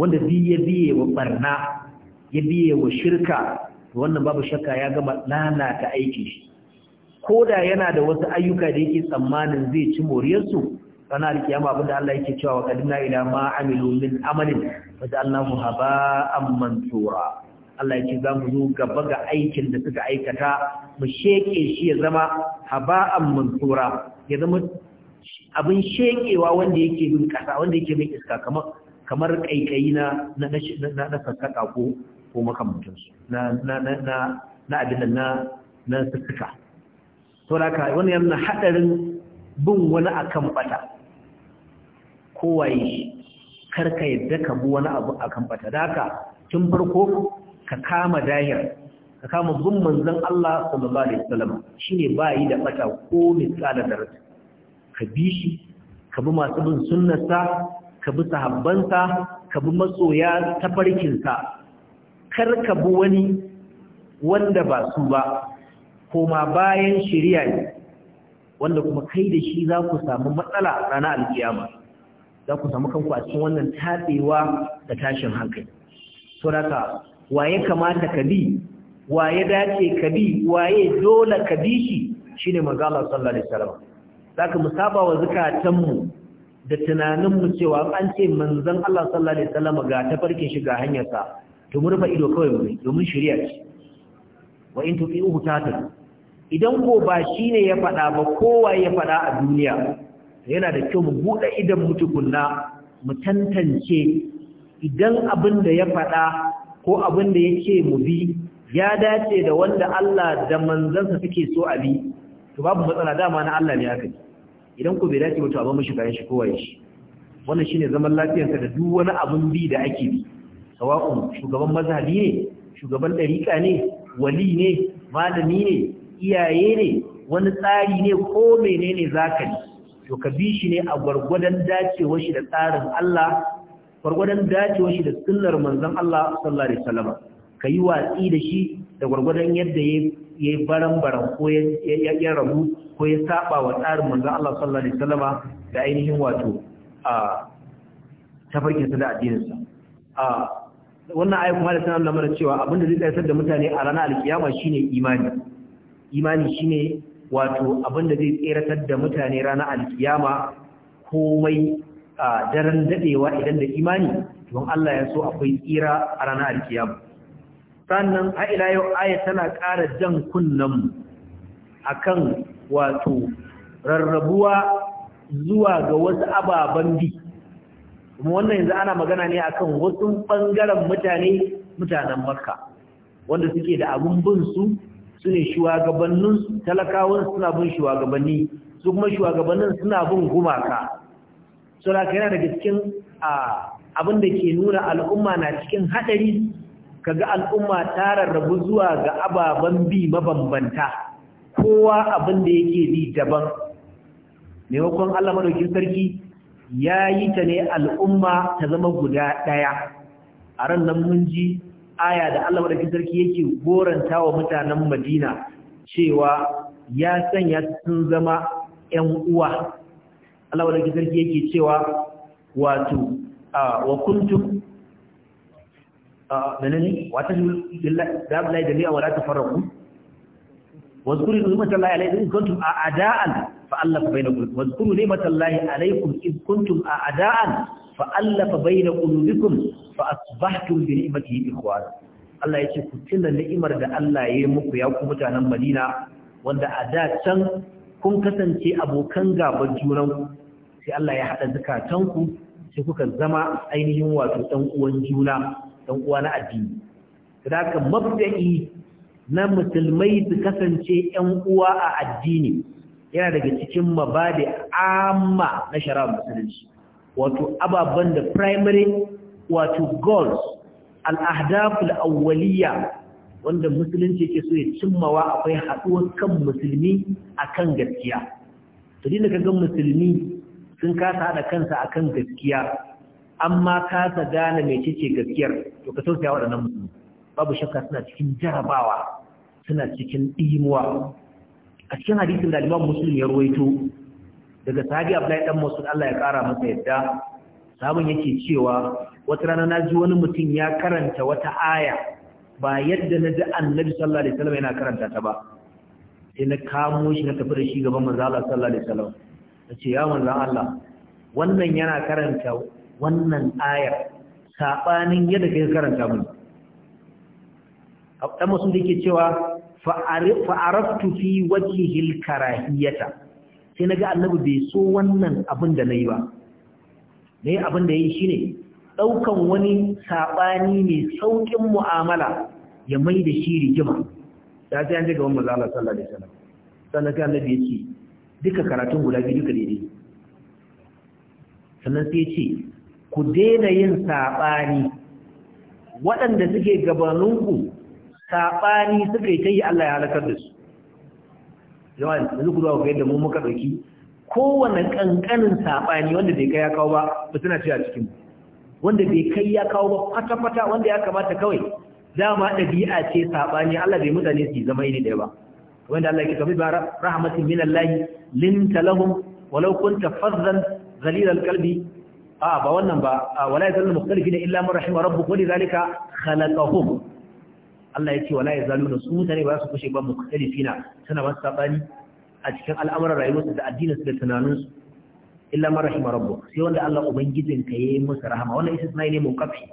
wanda biye biye wa barna ya biye wa shirka wannan babu shakka ya gama lalata aiki shi ko da yana da wasu ayyuka da yake tsammanin zai ci moriyarsu rana da kiyama abinda Allah yake cewa wa kadina ila ma amilu min amalin haba haba'an mansura Allah yake za mu zo gaba ga aikin da suka aikata mu sheke shi ya zama haba'an mansura ya zama abin shekewa wanda yake bin kasa wanda yake bin iska kamar kamar kaikayi na na na ko ko makamantansu na abin da na sassuka. to ka wani yana haɗarin bin wani akan bata kowaye karka yadda ka bu wani abu akan bata da haka tun farko ka kama dahir ka kama bin manzon Allah sallallahu alaihi wasallam ba yi da bata ko da ka bi shi ka bi masu bin sunnarsa ka bi sahabbansa ka bi masoya farkinsa? karka bi wani wanda ba su ba koma bayan shirya ne wanda kuma kai da shi za ku samu matsala rana alkiyama za ku samu kanku a cikin wannan tatsewa da tashin hankali saboda waye kamata ka bi waye dace ka bi waye dole ka bi shi shine magana sallallahu alaihi wasallam zaka mu saba wa mu da tunanin mu cewa an ce manzon Allah sallallahu alaihi wasallam ga tafarkin shi ga hanyarsa to mu rufe ido kawai mu domin shari'a ce wa in tuqi'uhu tata idan ko ba shine ya faɗa ba kowa ya faɗa a duniya yana da kyau mu buɗe idan mutukunna mu tantance idan abin da ya faɗa ko abin da ya mu bi ya dace da wanda Allah da manzansa suke so a bi to babu matsala dama na Allah ne aka idan ko bai dace ba to abin mashi kayan shi kowa ya shi wannan shine zaman lafiyarsa da duk wani abun bi da ake bi sawa'un shugaban mazhabi ne shugaban ɗariƙa ne wali ne malami ne iyaye ne wani tsari ne ko menene zaka ne to ka bi shi ne a gwargwadon dacewar shi da tsarin Allah gwargwadon dacewar shi da sunnar manzon Allah sallallahu alaihi wasallam ka yi watsi da shi da gwargwadon yadda ya yi baran-baran ko ya rabu ko ya saba wa tsarin manzon Allah sallallahu alaihi wasallam da ainihin wato a sa da a wannan ayi kuma da sanar da mana cewa abin da zai tsayar da mutane a ranar alkiyama shine imani imani shine wato abinda zai tseratar da mutane ranar alkiyama komai a daren dadewa idan da imani don Allah ya so akwai tsira a ranar alkiyama sannan a ila yau aya tana ƙara jan kunnen akan wato rarrabuwa zuwa ga wasu ababen bi kuma wannan yanzu ana magana ne akan wasu ɓangaren mutane mutanen makka wanda suke da abun bin su su ne shugabannin talakawan suna bin shugabanni su kuma shugabannin suna bin gumaka sura yana daga cikin abin da ke nuna al'umma na cikin hadari kaga al'umma ta rarrabu zuwa ga ababen bi mabambanta kowa abin da yake bi daban maimakon Allah madaukin sarki ya yi ta ne al'umma ta zama guda ɗaya a ran nan mun ji aya da Allah madaukakin sarki yake goranta wa mutanen Madina cewa ya sanya sun zama ‘yan uwa Allah madaukakin sarki yake cewa wato wa kuntum menene wata da Abdullahi da Liya wa la tafarraqu wa zkuru laifin alaykum a a'da'an fa'allafa bainakum wadhkuru ni'matallahi alaykum id kuntum a'da'an fa'allafa baina qulubikum fa asbahtum bi ni'matihi ikhwana Allah yace ku tuna ni'imar da Allah ya yi muku ya ku mutanen Madina wanda a da can kun kasance abokan gabar junan sai Allah ya haɗa zakatanku sai kuka zama ainihin wato ɗan'uwan juna dan uwa na addini saboda mabda'i na musulmai su kasance ƴan uwa a addini yana daga cikin mabadi amma na shari'ar musulunci wato ababen da primary wato goals al'adaful awwaliya wanda musulunci ke so ya cimmawa akwai haɗuwar kan musulmi akan gaskiya to dina gan musulmi sun kasa haɗa kansa akan gaskiya amma kasa gane mai cece gaskiyar to ka tausaya waɗannan musulmi babu shakka suna cikin jarabawa suna cikin ɗimuwa a cikin hadisin da Imam Muslim ya ruwaito daga sahabi Abdullahi dan Mas'ud Allah ya kara masa yadda sabon yake cewa wata rana na ji wani mutum ya karanta wata aya ba yadda na ji Annabi sallallahu alaihi wasallam yana karanta ta ba sai na kamo shi na tafi da shi gaban manzo Allah sallallahu alaihi wasallam nace ya manzo Allah wannan yana karanta wannan ayar sabanin yadda kai karanta mun dan Mas'ud yake cewa fa'araftu fi wajihil karahiyata sai naga annabi bai so wannan abin da nayi ba ne abin da yayi shine daukan wani sabani mai saukin mu'amala ya mai da shi rigima da sai an ji gaban manzo Allah sallallahu alaihi wasallam sannan sai annabi ya ce duka karatun guda biyu duka daidai sannan sai ya ce ku daina yin sabani waɗanda suke gabaninku saɓani suka yi ta yi Allah ya halakar da su yawan yanzu ku zuwa ku yadda mu muka ɗauki kowane ƙanƙanin saɓani wanda bai kai ya kawo ba ba suna cewa cikin mu. wanda bai kai ya kawo ba kwata-kwata wanda ya kamata kawai dama ɗabi'a ce saɓani Allah bai mutane su zama iri ɗaya ba wanda Allah ya kafa ba rahmatin min Allah lin talahum walau kunta fazzan zalilal qalbi a ba wannan ba wala zalil mukhtalifina illa man rahima rabbuk wa lidhalika khalaqahum Allah ya ce wala ya zaluna su mutane ba su kushe ba mu mukhtalifina suna ba sabani a cikin al'amuran rayuwarsu da su da tunaninsu illa man rahima rabbuk sai wanda Allah ubangijinka yayi masa rahama wannan isa sunai ne mukafi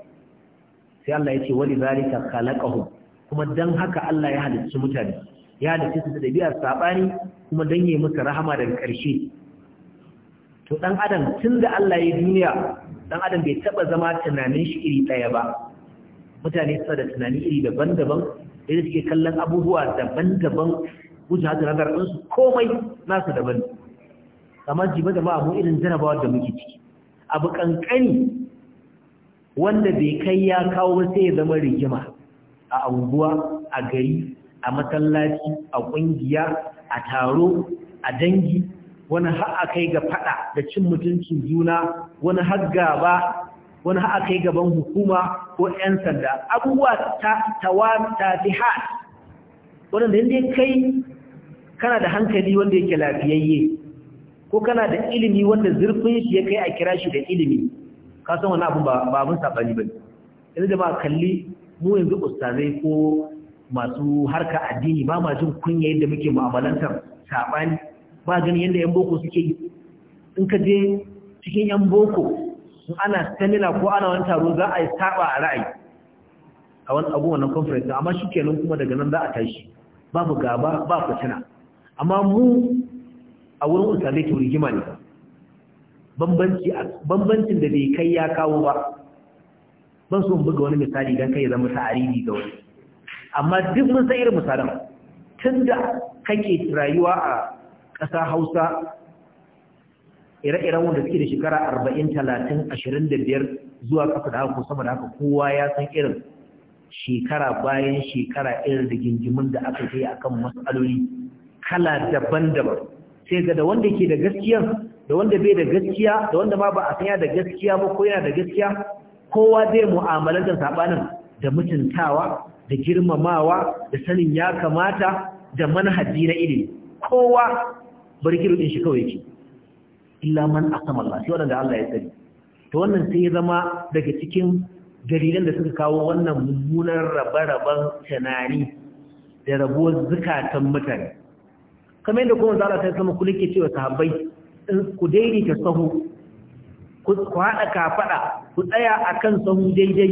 sai Allah ya ce wali zalika khalaqahum kuma dan haka Allah ya halicci mutane ya halicci su da dabi'a sabani kuma dan yayi masa rahama daga ƙarshe to dan adam tunda Allah ya duniya dan adam bai taba zama tunanin shi iri daya ba mutane suna da tunani iri daban-daban da suke kallon abubuwa daban-daban wuce hajji na ɗinsu komai nasu daban kamar jiba da ma'amu irin jarabawar da muke ciki abu ƙanƙani wanda bai kai ya kawo wasu ya zama rigima a anguwa a gari a masallaci a ƙungiya a taro a dangi wani har kai ga faɗa da cin mutuncin juna wani har gaba wani ha'a kai gaban hukuma ko 'yan sanda abubuwa ta tawa ta fi waɗanda inda kai kana da hankali wanda yake lafiyayye ko kana da ilimi wanda zurfin shi ya kai a kira shi da ilimi ka san wani abin ba abin saɓani ba yanzu da ba kalli mu yanzu ustazai ko masu harka addini ba ma jin kunya yadda muke mu'amalantar saɓani ba gani yadda 'yan boko suke yi in ka je cikin 'yan boko ana seminar ko ana wani taro za a yi saba a ra'ayi a wani abu wannan conference amma shi kenan kuma daga nan za a tashi babu gaba ba fitina amma mu a wurin usalai to rigima ne bambancin da bai kai ya kawo ba ban so buga wani misali don kai zama ta'aridi ga wani amma duk mun san irin misalan tunda kake rayuwa a ƙasa Hausa ire-iren wanda suke da shekara arba'in talatin ashirin da biyar zuwa ƙasa da haka sama da haka kowa ya san irin shekara bayan shekara irin da gingimin da aka kai akan matsaloli kala daban-daban sai ga da wanda ke da gaskiya da wanda bai da gaskiya da wanda ma ba a sanya da gaskiya ba ko yana da gaskiya kowa zai mu'amalantar sabanin da mutuntawa da girmamawa da sanin ya kamata da manhaji na ilimi kowa barkiru din shi kawai yake illa man asama Allah shi Allah ya sani. to wannan sai ya zama daga cikin dalilan da suka kawo wannan mummunan rabe-raben tunani da rabuwar zukatan mutane kamar yadda kuma zala ta sama ke cewa sahabbai ku daidaita sahu ku haɗa kafaɗa ku tsaya a kan sahu daidai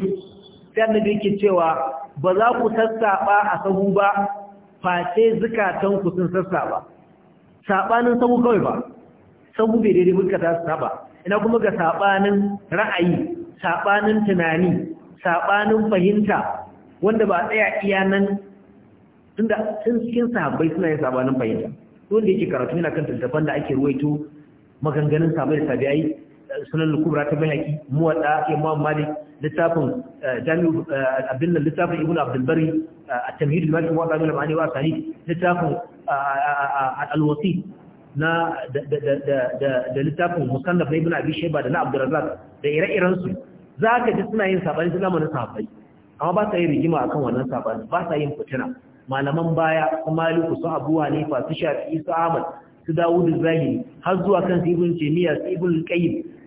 sai annabi yake cewa ba za ku sassaɓa a sahu ba face ku sun sassaɓa saɓanin sahu kawai ba mu bai daidai mulka za su saba ina kuma ga sabanin ra'ayi sabanin tunani sabanin fahimta wanda ba tsaya iya nan tunda sun cikin sahabbai suna yin sabanin fahimta wanda yake karatu yana kan tattafan da ake ruwaito maganganun sabai da tabi'ai sunan lukubra ta bayaki muwadda imam malik littafin eh, jami'u eh, abin nan littafin ibn abdulbari eh, a tamhidul malik muwadda min al-ma'ani wa sani littafin al-wasi na da littafin musannaf na ibn abi shayba da na abdurrazzaq da ire-iren su zaka ji suna yin sabani suna mana sabani amma ba sa yin rigima akan wannan sabani ba sa yin fitina malaman baya kuma liku su abu fa su shafi Isa ahmad su Dawudu zahiri har zuwa kan ibn taymiya su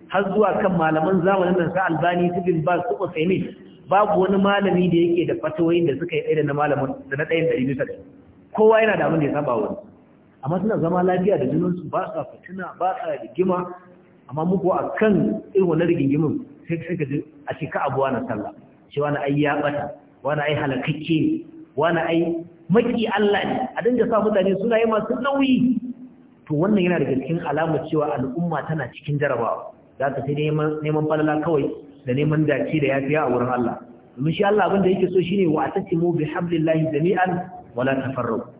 har zuwa kan malaman zamanin nan sa albani su bas su usaimin babu wani malami da yake da fatawoyin da suka yi tsaye da na malamin da na tsayin da kowa yana da abin da ya saba wani amma suna zama lafiya da junansu ba sa fitina ba sa rigima amma muku a kan irin wannan rigingimin sai ka ji a ce ka abuwa na sallah shi wani ai ya bata wani ai halakakke ne wani ai maki Allah ne a dinga sa mutane suna yi masu nauyi to wannan yana daga cikin alamar cewa al'umma tana cikin jarabawa za ka sai neman falala kawai da neman dace da yafiya a wurin Allah domin shi Allah abin da yake so shine wa atasimu bihablillahi jami'an wala tafarraqu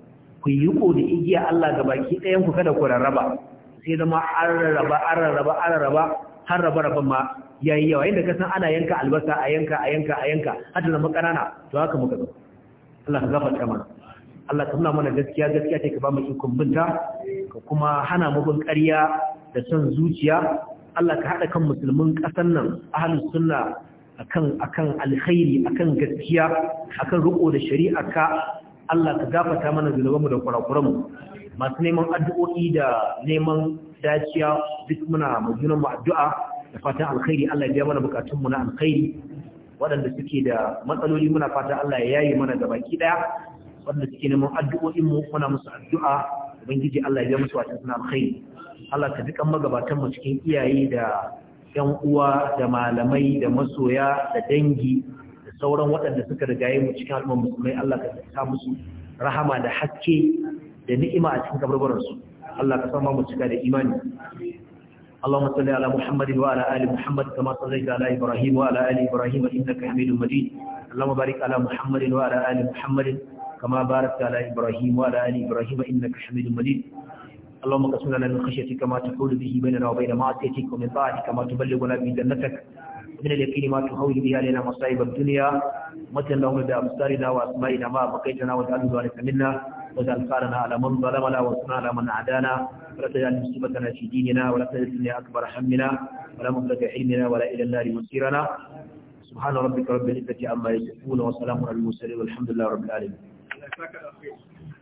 ku yi ko da igiya Allah ga baki ɗayan ku kada ku rarraba sai zama an rarraba an rarraba an rarraba har rarraba raba ma yayi yawa inda ka san ana yanka albasa a yanka a yanka a yanka har da zama ƙanana to haka muka zo Allah ka gafarta mana Allah ka nuna mana gaskiya gaskiya ce ka ba mu ikon binta ka kuma hana mu bin ƙarya da son zuciya Allah ka haɗa kan musulmin ƙasar nan ahlus sunna akan akan alkhairi akan gaskiya akan riko da shari'a ka Allah ka gafata mana zunubanmu da kurakuranmu masu neman addu'o'i da neman daciya duk muna mu addu'a da fatan alkhairi Allah ya biya mana bukatunmu na alkhairi waɗanda suke da matsaloli muna fata Allah ya yaye mana gaba ki daya waɗanda suke neman addu'o'inmu muna musu addu'a ubangiji Allah ya biya musu wata suna alkhairi Allah ka dukan magabatan mu cikin iyaye da ƴan uwa da malamai da masoya da dangi sauran waɗanda suka rigaye mu cikin al'umma musulmai Allah ka sa musu rahama da haske da ni'ima a cikin kabarbaran su Allah ka sama mu cika da imani Allahumma salli ala Muhammadin wa ala ali Muhammad kama sallaita ala Ibrahim wa ala ali Ibrahim innaka Hamidum Majid Allahumma barik ala Muhammadin wa ala ali Muhammadin كما باركت على إبراهيم وعلى آل إبراهيم إنك حميد مجيد اللهم قسم لنا من خشيتك ما تحول به بيننا وبين معصيتك min ta'atika ma tuballighuna bi jannatik من اليقين ما تحول به علينا مصائب الدنيا متن لهم بأبصارنا وأسمائنا ما بقيتنا واجعل ذلك منا واجعل خارنا على من ظلمنا وانصرنا على من عادانا ولا تجعل مصيبتنا في ديننا ولا تجعل الدنيا أكبر همنا ولا مبلغ علمنا ولا إلى النار مصيرنا سبحان ربك رب العزة عما يصفون وسلام على المرسلين والحمد لله رب العالمين